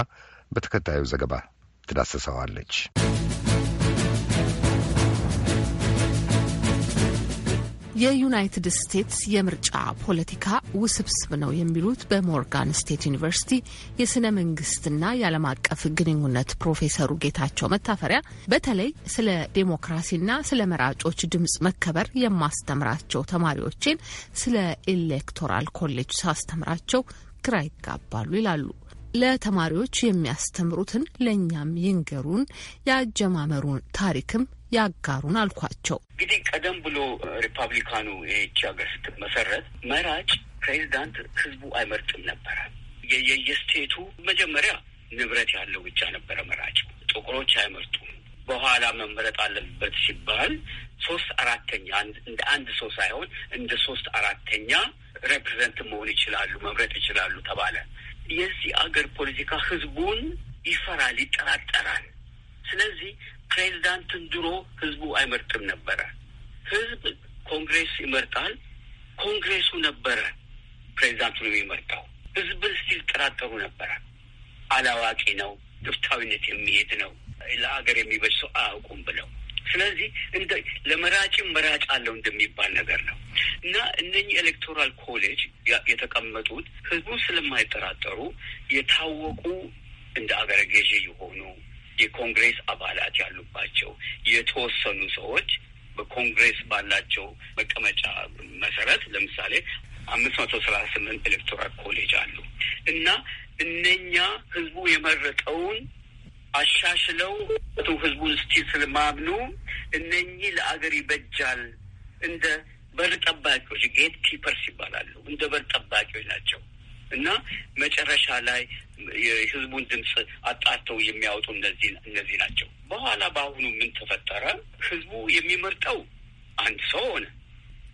በተከታዩ ዘገባ ትዳስሰዋለች። የዩናይትድ ስቴትስ የምርጫ ፖለቲካ ውስብስብ ነው የሚሉት በሞርጋን ስቴት ዩኒቨርሲቲ የስነ መንግስትና የዓለም አቀፍ ግንኙነት ፕሮፌሰሩ ጌታቸው መታፈሪያ በተለይ ስለ ዴሞክራሲና ስለ መራጮች ድምጽ መከበር የማስተምራቸው ተማሪዎችን ስለ ኤሌክቶራል ኮሌጅ ሳስተምራቸው ግራ ይጋባሉ ይላሉ። ለተማሪዎች የሚያስተምሩትን ለእኛም ይንገሩን፣ የአጀማመሩን ታሪክም ያጋሩን አልኳቸው። እንግዲህ ቀደም ብሎ ሪፐብሊካኑ ይህቺ ሀገር ስትመሰረት መራጭ ፕሬዚዳንት ህዝቡ አይመርጥም ነበረ። የየስቴቱ መጀመሪያ ንብረት ያለው ብቻ ነበረ መራጭ። ጥቁሮች አይመርጡም። በኋላ መመረጥ አለበት ሲባል ሶስት አራተኛ እንደ አንድ ሰው ሳይሆን እንደ ሶስት አራተኛ ሬፕሬዘንት መሆን ይችላሉ፣ መምረጥ ይችላሉ ተባለ። የዚህ አገር ፖለቲካ ህዝቡን ይፈራል፣ ይጠራጠራል። ስለዚህ ፕሬዚዳንትን ድሮ ህዝቡ አይመርጥም ነበረ። ህዝብ ኮንግሬስ ይመርጣል። ኮንግሬሱ ነበረ ፕሬዚዳንቱን የሚመርጠው። ህዝብን ሲጠራጠሩ ነበረ። አላዋቂ ነው፣ ግፍታዊነት የሚሄድ ነው፣ ለሀገር የሚበጅ ሰው አያውቁም ብለው ስለዚህ እንደ ለመራጭም መራጭ አለው እንደሚባል ነገር ነው እና እነኚህ ኤሌክቶራል ኮሌጅ የተቀመጡት ህዝቡ ስለማይጠራጠሩ የታወቁ እንደ አገረ ገዢ የሆኑ የኮንግሬስ አባላት ያሉባቸው የተወሰኑ ሰዎች በኮንግሬስ ባላቸው መቀመጫ መሰረት ለምሳሌ አምስት መቶ ሰላሳ ስምንት ኤሌክቶራል ኮሌጅ አሉ እና እነኛ ህዝቡ የመረጠውን አሻሽለው ቱ ህዝቡን ስቲ ስለማምኑ እነኚህ ለአገር ይበጃል እንደ በር ጠባቂዎች ጌት ኪፐርስ ይባላሉ። እንደ በር ጠባቂዎች ናቸው። እና መጨረሻ ላይ የህዝቡን ድምፅ አጣርተው የሚያወጡ እነዚህ እነዚህ ናቸው። በኋላ በአሁኑ ምን ተፈጠረ? ህዝቡ የሚመርጠው አንድ ሰው ሆነ።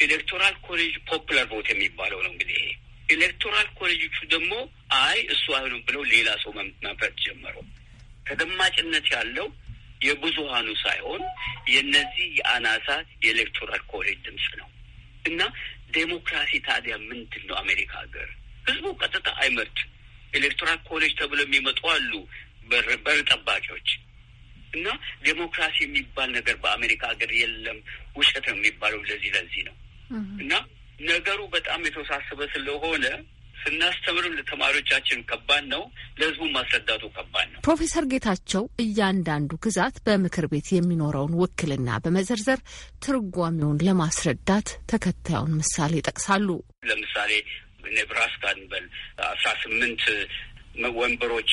ኤሌክቶራል ኮሌጅ ፖፑላር ቮት የሚባለው ነው እንግዲህ ይሄ ኤሌክቶራል ኮሌጆቹ ደግሞ አይ እሱ አይሆንም ብለው ሌላ ሰው መምረጥ ጀመሩ። ተደማጭነት ያለው የብዙሀኑ ሳይሆን የነዚህ የአናሳ የኤሌክቶራል ኮሌጅ ድምፅ ነው። እና ዴሞክራሲ ታዲያ ምንድን ነው? አሜሪካ ሀገር ህዝቡ ቀጥታ አይመርጥ። ኤሌክቶራል ኮሌጅ ተብሎ የሚመጡ አሉ፣ በር ጠባቂዎች እና ዴሞክራሲ የሚባል ነገር በአሜሪካ ሀገር የለም። ውሸት ነው የሚባለው ለዚህ ለዚህ ነው እና ነገሩ በጣም የተወሳሰበ ስለሆነ ስናስተምርም ለተማሪዎቻችን ከባድ ነው፣ ለህዝቡ ማስረዳቱ ከባድ ነው። ፕሮፌሰር ጌታቸው እያንዳንዱ ግዛት በምክር ቤት የሚኖረውን ውክልና በመዘርዘር ትርጓሜውን ለማስረዳት ተከታዩን ምሳሌ ይጠቅሳሉ። ለምሳሌ ኔብራስካ በል አስራ ስምንት ወንበሮች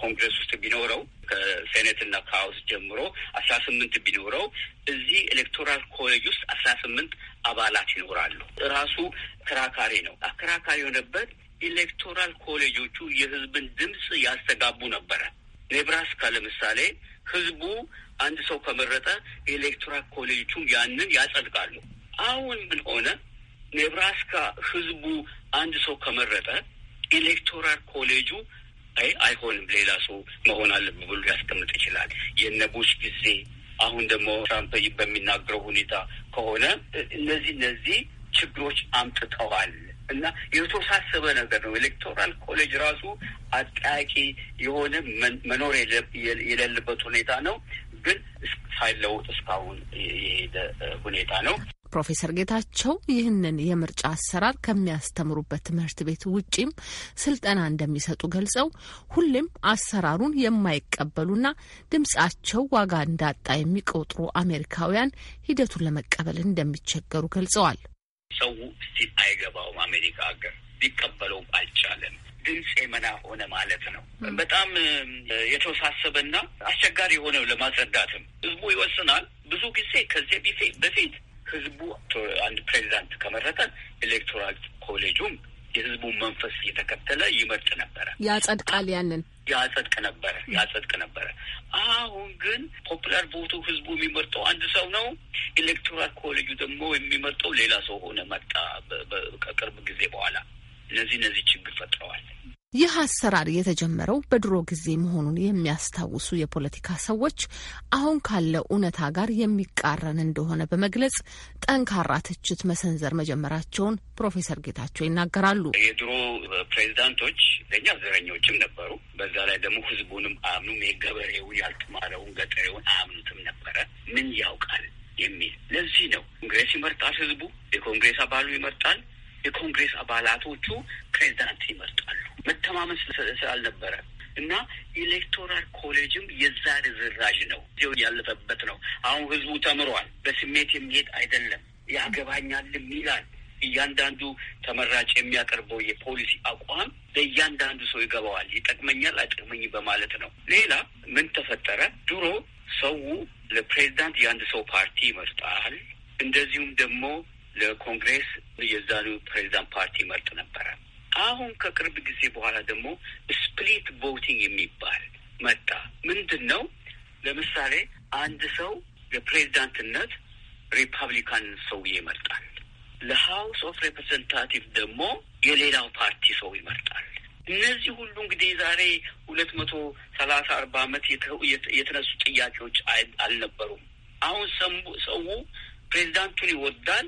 ኮንግረስ ውስጥ ቢኖረው ከሴኔትና ከሀውስ ጀምሮ አስራ ስምንት ቢኖረው እዚህ ኤሌክቶራል ኮሌጅ ውስጥ አስራ ስምንት አባላት ይኖራሉ። ራሱ አከራካሪ ነው። አከራካሪ የሆነበት ኤሌክቶራል ኮሌጆቹ የህዝብን ድምፅ ያስተጋቡ ነበረ። ኔብራስካ ለምሳሌ ህዝቡ አንድ ሰው ከመረጠ ኤሌክቶራል ኮሌጆቹ ያንን ያጸድቃሉ። አሁን ምን ሆነ? ኔብራስካ ህዝቡ አንድ ሰው ከመረጠ ኤሌክቶራል ኮሌጁ አይ አይሆንም፣ ሌላ ሰው መሆን አለብ ብሎ ሊያስቀምጥ ይችላል። የነቡሽ ጊዜ አሁን ደግሞ ትራምፕ በሚናገረው ሁኔታ ከሆነ እነዚህ እነዚህ ችግሮች አምጥተዋል እና የተወሳሰበ ነገር ነው። ኤሌክቶራል ኮሌጅ ራሱ አጠያቂ የሆነ መኖር የሌለበት ሁኔታ ነው። ግን ሳይለውጥ እስካሁን የሄደ ሁኔታ ነው። ፕሮፌሰር ጌታቸው ይህንን የምርጫ አሰራር ከሚያስተምሩበት ትምህርት ቤት ውጪም ስልጠና እንደሚሰጡ ገልጸው ሁሌም አሰራሩን የማይቀበሉና ድምጻቸው ዋጋ እንዳጣ የሚቆጥሩ አሜሪካውያን ሂደቱን ለመቀበል እንደሚቸገሩ ገልጸዋል። ሰው እስቲ አይገባውም። አሜሪካ ሀገር ሊቀበለውም አልቻለም። ድምፅ የመና ሆነ ማለት ነው። በጣም የተወሳሰበና አስቸጋሪ የሆነው ለማስረዳትም ህዝቡ ይወስናል። ብዙ ጊዜ ከዚህ በፊት ህዝቡ አንድ ፕሬዚዳንት ከመረጠ ኤሌክቶራል ኮሌጁም የህዝቡን መንፈስ እየተከተለ ይመርጥ ነበረ፣ ያጸድቃል፣ ያንን ያጸድቅ ነበረ፣ ያጸድቅ ነበረ። አሁን ግን ፖፑላር ቦቱ ህዝቡ የሚመርጠው አንድ ሰው ነው፣ ኤሌክቶራል ኮሌጁ ደግሞ የሚመርጠው ሌላ ሰው ሆነ መጣ ከቅርብ ጊዜ በኋላ እነዚህ እነዚህ ችግር ፈጥረዋል። ይህ አሰራር የተጀመረው በድሮ ጊዜ መሆኑን የሚያስታውሱ የፖለቲካ ሰዎች አሁን ካለው እውነታ ጋር የሚቃረን እንደሆነ በመግለጽ ጠንካራ ትችት መሰንዘር መጀመራቸውን ፕሮፌሰር ጌታቸው ይናገራሉ። የድሮ ፕሬዚዳንቶች ለእኛ ዘረኞችም ነበሩ። በዛ ላይ ደግሞ ህዝቡንም አያምኑም። የገበሬው ያልተማረውን ገጠሬውን አያምኑትም ነበረ። ምን ያውቃል የሚል ለዚህ ነው ኮንግሬስ ይመርጣል፣ ህዝቡ የኮንግሬስ አባሉ ይመርጣል የኮንግሬስ አባላቶቹ ፕሬዚዳንት ይመርጣሉ። መተማመን ስላልነበረ እና ኤሌክቶራል ኮሌጅም የዛ ርዝራዥ ነው፣ ያለፈበት ነው። አሁን ህዝቡ ተምሯል። በስሜት የሚሄድ አይደለም። ያገባኛልም ይላል። እያንዳንዱ ተመራጭ የሚያቀርበው የፖሊሲ አቋም ለእያንዳንዱ ሰው ይገባዋል። ይጠቅመኛል፣ አይጠቅመኝ በማለት ነው። ሌላ ምን ተፈጠረ? ድሮ ሰው ለፕሬዚዳንት የአንድ ሰው ፓርቲ ይመርጣል። እንደዚሁም ደግሞ ለኮንግሬስ የዛኑ ፕሬዚዳንት ፓርቲ መርጥ ነበረ። አሁን ከቅርብ ጊዜ በኋላ ደግሞ ስፕሊት ቮቲንግ የሚባል መጣ። ምንድን ነው? ለምሳሌ አንድ ሰው ለፕሬዚዳንትነት ሪፐብሊካን ሰው ይመርጣል። ለሀውስ ኦፍ ሬፕሬዘንታቲቭ ደግሞ የሌላው ፓርቲ ሰው ይመርጣል። እነዚህ ሁሉ እንግዲህ ዛሬ ሁለት መቶ ሰላሳ አርባ ዓመት የተነሱ ጥያቄዎች አልነበሩም። አሁን ሰው ፕሬዚዳንቱን ይወዳል፣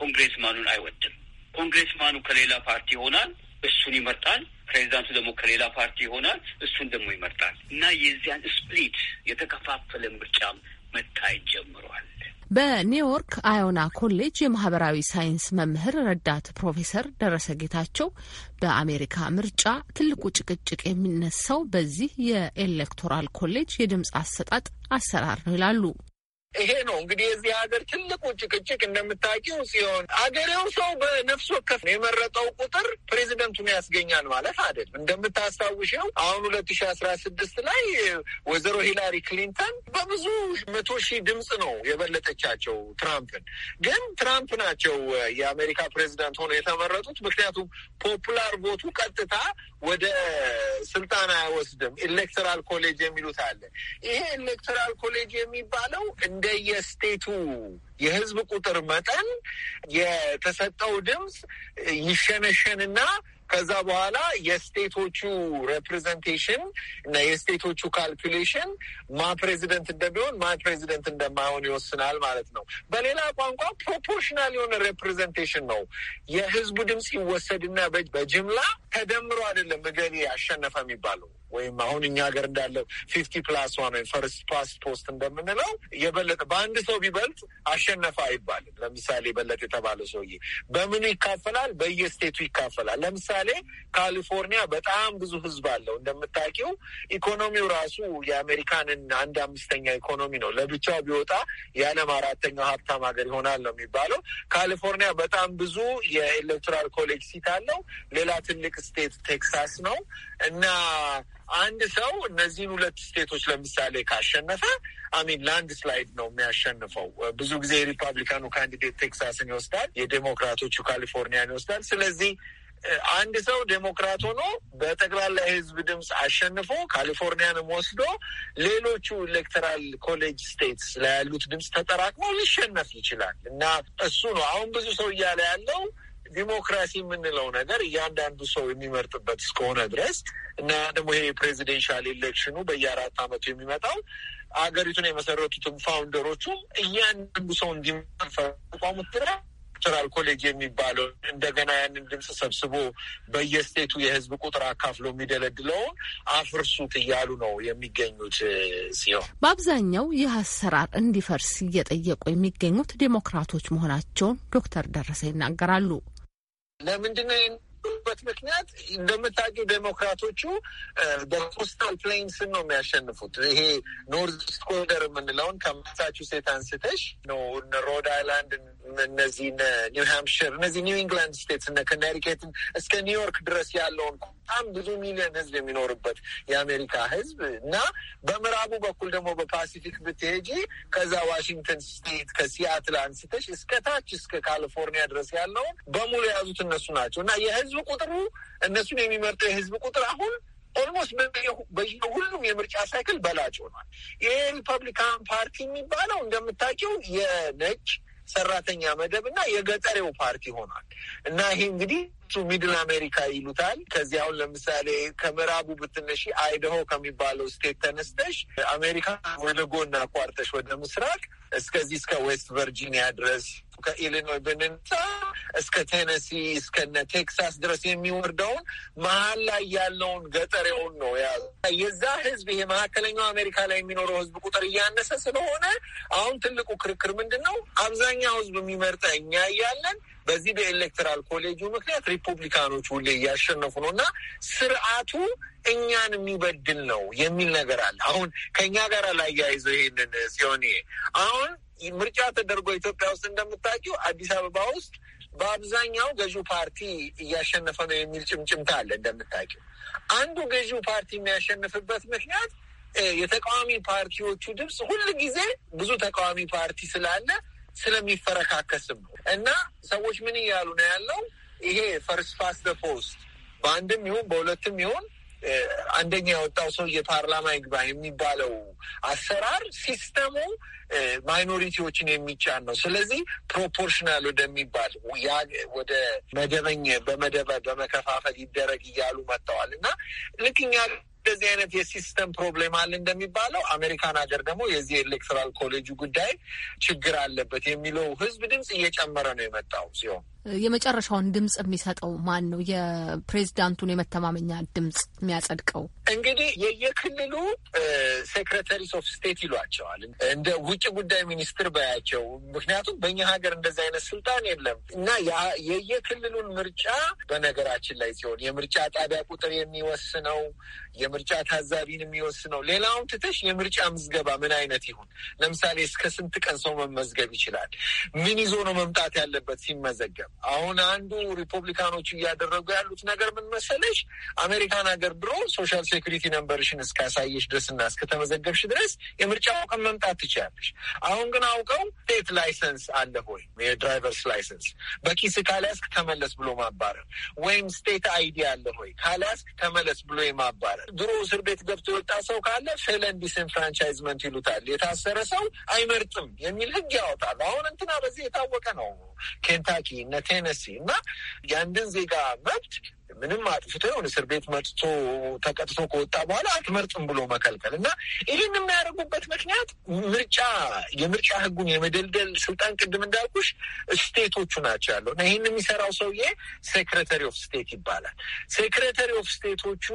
ኮንግሬስማኑን አይወድም። ኮንግሬስማኑ ከሌላ ፓርቲ ይሆናል፣ እሱን ይመርጣል። ፕሬዚዳንቱ ደግሞ ከሌላ ፓርቲ ይሆናል፣ እሱን ደግሞ ይመርጣል እና የዚያን ስፕሊት የተከፋፈለ ምርጫ መታየት ጀምሯል። በኒውዮርክ አዮና ኮሌጅ የማህበራዊ ሳይንስ መምህር ረዳት ፕሮፌሰር ደረሰ ጌታቸው በአሜሪካ ምርጫ ትልቁ ጭቅጭቅ የሚነሳው በዚህ የኤሌክቶራል ኮሌጅ የድምፅ አሰጣጥ አሰራር ነው ይላሉ። ይሄ ነው እንግዲህ የዚህ ሀገር ትልቁ ጭቅጭቅ እንደምታውቂው ሲሆን አገሬው ሰው በነፍስ ወከፍ የመረጠው ቁጥር ፕሬዚደንቱን ያስገኛል ማለት አይደለም። እንደምታስታውሸው አሁን ሁለት ሺ አስራ ስድስት ላይ ወይዘሮ ሂላሪ ክሊንተን በብዙ መቶ ሺህ ድምፅ ነው የበለጠቻቸው ትራምፕን። ግን ትራምፕ ናቸው የአሜሪካ ፕሬዚደንት ሆነው የተመረጡት። ምክንያቱም ፖፑላር ቦቱ ቀጥታ ወደ ስልጣን አይወስድም። ኤሌክትራል ኮሌጅ የሚሉት አለ። ይሄ ኤሌክትራል ኮሌጅ የሚባለው እንደየስቴቱ የህዝብ ቁጥር መጠን የተሰጠው ድምፅ ይሸነሸንና ከዛ በኋላ የስቴቶቹ ሬፕሬዘንቴሽን እና የስቴቶቹ ካልኩሌሽን ማ ፕሬዚደንት እንደሚሆን ማ ፕሬዚደንት እንደማይሆን ይወስናል ማለት ነው። በሌላ ቋንቋ ፕሮፖርሽናል የሆነ ሬፕሬዘንቴሽን ነው። የህዝቡ ድምፅ ይወሰድና በጅምላ ተደምሮ አይደለም እገሌ አሸነፈ የሚባለው ወይም አሁን እኛ ሀገር እንዳለው ፊፍቲ ፕላስ ዋን ወይም ፈርስት ፓስ ፖስት እንደምንለው የበለጠ በአንድ ሰው ቢበልጥ አሸነፈ አይባልም። ለምሳሌ በለጠ የተባለ ሰውዬ በምኑ ይካፈላል? በየስቴቱ ይካፈላል። ለምሳሌ ካሊፎርኒያ በጣም ብዙ ህዝብ አለው እንደምታውቂው። ኢኮኖሚው ራሱ የአሜሪካንን አንድ አምስተኛ ኢኮኖሚ ነው። ለብቻው ቢወጣ የዓለም አራተኛው ሀብታም ሀገር ይሆናል ነው የሚባለው። ካሊፎርኒያ በጣም ብዙ የኤሌክቶራል ኮሌጅ ሲት አለው። ሌላ ትልቅ ስቴት ቴክሳስ ነው እና አንድ ሰው እነዚህን ሁለት ስቴቶች ለምሳሌ ካሸነፈ አሚን ላንድ ስላይድ ነው የሚያሸንፈው። ብዙ ጊዜ የሪፐብሊካኑ ካንዲዴት ቴክሳስን ይወስዳል፣ የዴሞክራቶቹ ካሊፎርኒያን ይወስዳል። ስለዚህ አንድ ሰው ዴሞክራት ሆኖ በጠቅላላ የህዝብ ድምፅ አሸንፎ ካሊፎርኒያንም ወስዶ ሌሎቹ ኤሌክቶራል ኮሌጅ ስቴትስ ላይ ያሉት ድምፅ ተጠራቅሞ ሊሸነፍ ይችላል እና እሱ ነው አሁን ብዙ ሰው እያለ ያለው ዲሞክራሲ የምንለው ነገር እያንዳንዱ ሰው የሚመርጥበት እስከሆነ ድረስ እና ደግሞ ይሄ የፕሬዚደንሻል ኤሌክሽኑ በየአራት ዓመቱ የሚመጣው አገሪቱን የመሰረቱትም ፋውንደሮቹም እያንዳንዱ ሰው እንዲመፈቋሙ ኤሌክቶራል ኮሌጅ የሚባለው እንደገና ያንን ድምፅ ሰብስቦ በየስቴቱ የህዝብ ቁጥር አካፍሎ የሚደለድለውን አፍርሱት እያሉ ነው የሚገኙት ሲሆን በአብዛኛው ይህ አሰራር እንዲፈርስ እየጠየቁ የሚገኙት ዴሞክራቶች መሆናቸውን ዶክተር ደረሰ ይናገራሉ። ለምንድነው የሚሉበት ምክንያት እንደምታውቂው ዴሞክራቶቹ በኮስታል ፕሌንስን ነው የሚያሸንፉት። ይሄ ኖርዝ ኢስት ኮሪደር የምንለውን ከማሳቹሴት አንስተሽ ነው ሮድ አይላንድ እነዚህን ኒው ሃምፕሽር እነዚህ ኒው ኢንግላንድ ስቴትስ እነ ኮነቲከትን እስከ ኒውዮርክ ድረስ ያለውን በጣም ብዙ ሚሊዮን ህዝብ የሚኖርበት የአሜሪካ ህዝብ እና በምዕራቡ በኩል ደግሞ በፓሲፊክ ብትሄጂ ከዛ ዋሽንግተን ስቴት ከሲያትል አንስተሽ እስከ ታች እስከ ካሊፎርኒያ ድረስ ያለውን በሙሉ የያዙት እነሱ ናቸው እና የህዝብ ቁጥሩ እነሱን የሚመርጠው የህዝብ ቁጥር አሁን ኦልሞስት በየሁሉም የምርጫ ሳይክል በላጭ ሆኗል። ይሄ ሪፐብሊካን ፓርቲ የሚባለው እንደምታውቂው የነጭ ሰራተኛ መደብ እና የገጠሬው ፓርቲ ሆኗል እና ይሄ እንግዲህ እሱ ሚድል አሜሪካ ይሉታል። ከዚህ አሁን ለምሳሌ ከምዕራቡ ብትነሺ አይደሆ ከሚባለው ስቴት ተነስተሽ አሜሪካ ወደ ጎን አቋርጠሽ ወደ ምስራቅ እስከዚህ እስከ ዌስት ቨርጂኒያ ድረስ ከኢሊኖይ ብንንሳ እስከ ቴነሲ እስከነ ቴክሳስ ድረስ የሚወርደውን መሀል ላይ ያለውን ገጠሬውን ነው የያዘ። የዛ ህዝብ ይሄ መካከለኛው አሜሪካ ላይ የሚኖረው ህዝብ ቁጥር እያነሰ ስለሆነ አሁን ትልቁ ክርክር ምንድን ነው? አብዛኛው ህዝብ የሚመርጠ እኛ እያለን በዚህ በኤሌክትራል ኮሌጁ ምክንያት ሪፑብሊካኖች ሁሌ እያሸነፉ ነው እና ስርዓቱ እኛን የሚበድል ነው የሚል ነገር አለ። አሁን ከእኛ ጋር ላያይዘው ይሄንን ሲሆን አሁን ምርጫ ተደርጎ ኢትዮጵያ ውስጥ እንደምታውቂው አዲስ አበባ ውስጥ በአብዛኛው ገዢው ፓርቲ እያሸነፈ ነው የሚል ጭምጭምታ አለ። እንደምታውቂው አንዱ ገዢው ፓርቲ የሚያሸንፍበት ምክንያት የተቃዋሚ ፓርቲዎቹ ድምፅ ሁል ጊዜ ብዙ ተቃዋሚ ፓርቲ ስላለ ስለሚፈረካከስም ነው እና ሰዎች ምን እያሉ ነው ያለው? ይሄ ፈርስት ፓስት ፖስት በአንድም ይሁን በሁለትም ይሁን አንደኛ የወጣው ሰው የፓርላማ ይግባ የሚባለው አሰራር ሲስተሙ ማይኖሪቲዎችን የሚጫን ነው። ስለዚህ ፕሮፖርሽናል ወደሚባል ወደ መደበኛ በመደበ በመከፋፈል ይደረግ እያሉ መጥተዋል እና ልክኛ እንደዚህ አይነት የሲስተም ፕሮብሌም አለ እንደሚባለው አሜሪካን ሀገር ደግሞ የዚህ ኤሌክትራል ኮሌጁ ጉዳይ ችግር አለበት የሚለው ህዝብ ድምፅ እየጨመረ ነው የመጣው ሲሆን የመጨረሻውን ድምጽ የሚሰጠው ማን ነው? የፕሬዚዳንቱን የመተማመኛ ድምጽ የሚያጸድቀው እንግዲህ የየክልሉ ሴክረተሪስ ኦፍ ስቴት ይሏቸዋል። እንደ ውጭ ጉዳይ ሚኒስትር በያቸው። ምክንያቱም በእኛ ሀገር እንደዚ አይነት ስልጣን የለም እና የየክልሉን ምርጫ በነገራችን ላይ ሲሆን የምርጫ ጣቢያ ቁጥር የሚወስነው የምርጫ ታዛቢን የሚወስነው ሌላውን ትተሽ የምርጫ ምዝገባ ምን አይነት ይሁን፣ ለምሳሌ እስከ ስንት ቀን ሰው መመዝገብ ይችላል፣ ምን ይዞ ነው መምጣት ያለበት ሲመዘገብ አሁን አንዱ ሪፐብሊካኖቹ እያደረጉ ያሉት ነገር ምን መሰለሽ፣ አሜሪካን ሀገር ድሮ ሶሻል ሴኩሪቲ ነንበርሽን እስካሳየሽ ድረስ እና እስከተመዘገብሽ ድረስ የምርጫ አውቀን መምጣት ትችላለሽ። አሁን ግን አውቀው ስቴት ላይሰንስ አለ ወይ የድራይቨርስ ላይሰንስ በኪስ ካልያዝክ ተመለስ ብሎ ማባረር፣ ወይም ስቴት አይዲ አለ ወይ ካልያዝክ ተመለስ ብሎ የማባረር። ድሮ እስር ቤት ገብቶ የወጣ ሰው ካለ ፌለን ዲስንፍራንቻይዝመንት ይሉታል። የታሰረ ሰው አይመርጥም የሚል ህግ ያወጣሉ። አሁን እንትና በዚህ የታወቀ ነው። ኬንታኪ፣ እነ ቴነሲ እና የአንድን ዜጋ መብት ምንም አጥፍቶ ይሁን እስር ቤት መጥቶ ተቀጥቶ ከወጣ በኋላ አትመርጥም ብሎ መከልከል እና ይህን የሚያደርጉበት ምክንያት ምርጫ የምርጫ ህጉን የመደልደል ስልጣን ቅድም እንዳልኩሽ ስቴቶቹ ናቸው ያለው እና ይህን የሚሰራው ሰውዬ ሴክሬተሪ ኦፍ ስቴት ይባላል። ሴክሬተሪ ኦፍ ስቴቶቹ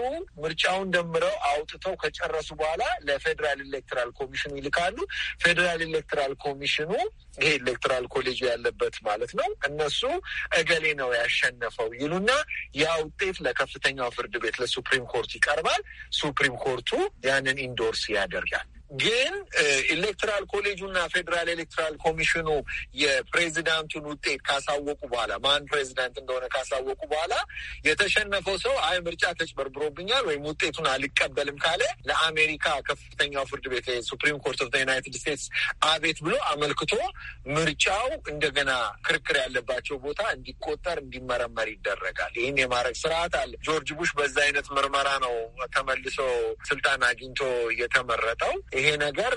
ምርጫውን ደምረው አውጥተው ከጨረሱ በኋላ ለፌዴራል ኤሌክትራል ኮሚሽኑ ይልካሉ። ፌዴራል ኤሌክትራል ኮሚሽኑ ይሄ ኤሌክትራል ኮሌጅ ያለበት ማለት ነው። እነሱ እገሌ ነው ያሸነፈው ይሉና ያው ውጤት ለከፍተኛው ፍርድ ቤት ለሱፕሪም ኮርት ይቀርባል። ሱፕሪም ኮርቱ ያንን ኢንዶርስ ያደርጋል። ግን ኤሌክትራል ኮሌጁና ፌዴራል ኤሌክትራል ኮሚሽኑ የፕሬዚዳንቱን ውጤት ካሳወቁ በኋላ ማን ፕሬዚዳንት እንደሆነ ካሳወቁ በኋላ የተሸነፈው ሰው አይ ምርጫ ተጭበርብሮብኛል ወይም ውጤቱን አልቀበልም ካለ ለአሜሪካ ከፍተኛው ፍርድ ቤት ሱፕሪም ኮርት ኦፍ ዩናይትድ ስቴትስ አቤት ብሎ አመልክቶ ምርጫው እንደገና ክርክር ያለባቸው ቦታ እንዲቆጠር እንዲመረመር ይደረጋል። ይህን የማድረግ ስርዓት አለ። ጆርጅ ቡሽ በዛ አይነት ምርመራ ነው ተመልሶ ስልጣን አግኝቶ የተመረጠው። ይሄ ነገር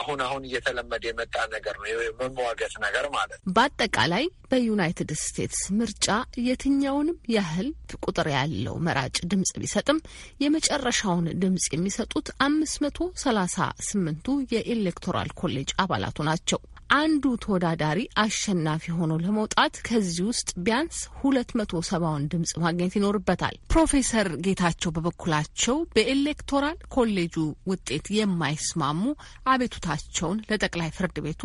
አሁን አሁን እየተለመደ የመጣ ነገር ነው፣ የመሟገት ነገር ማለት ነው። በአጠቃላይ በዩናይትድ ስቴትስ ምርጫ የትኛውንም ያህል ቁጥር ያለው መራጭ ድምጽ ቢሰጥም የመጨረሻውን ድምጽ የሚሰጡት አምስት መቶ ሰላሳ ስምንቱ የኤሌክቶራል ኮሌጅ አባላቱ ናቸው። አንዱ ተወዳዳሪ አሸናፊ ሆኖ ለመውጣት ከዚህ ውስጥ ቢያንስ ሁለት መቶ ሰባውን ድምጽ ማግኘት ይኖርበታል። ፕሮፌሰር ጌታቸው በበኩላቸው በኤሌክቶራል ኮሌጁ ውጤት የማይስማሙ አቤቱታቸውን ለጠቅላይ ፍርድ ቤቱ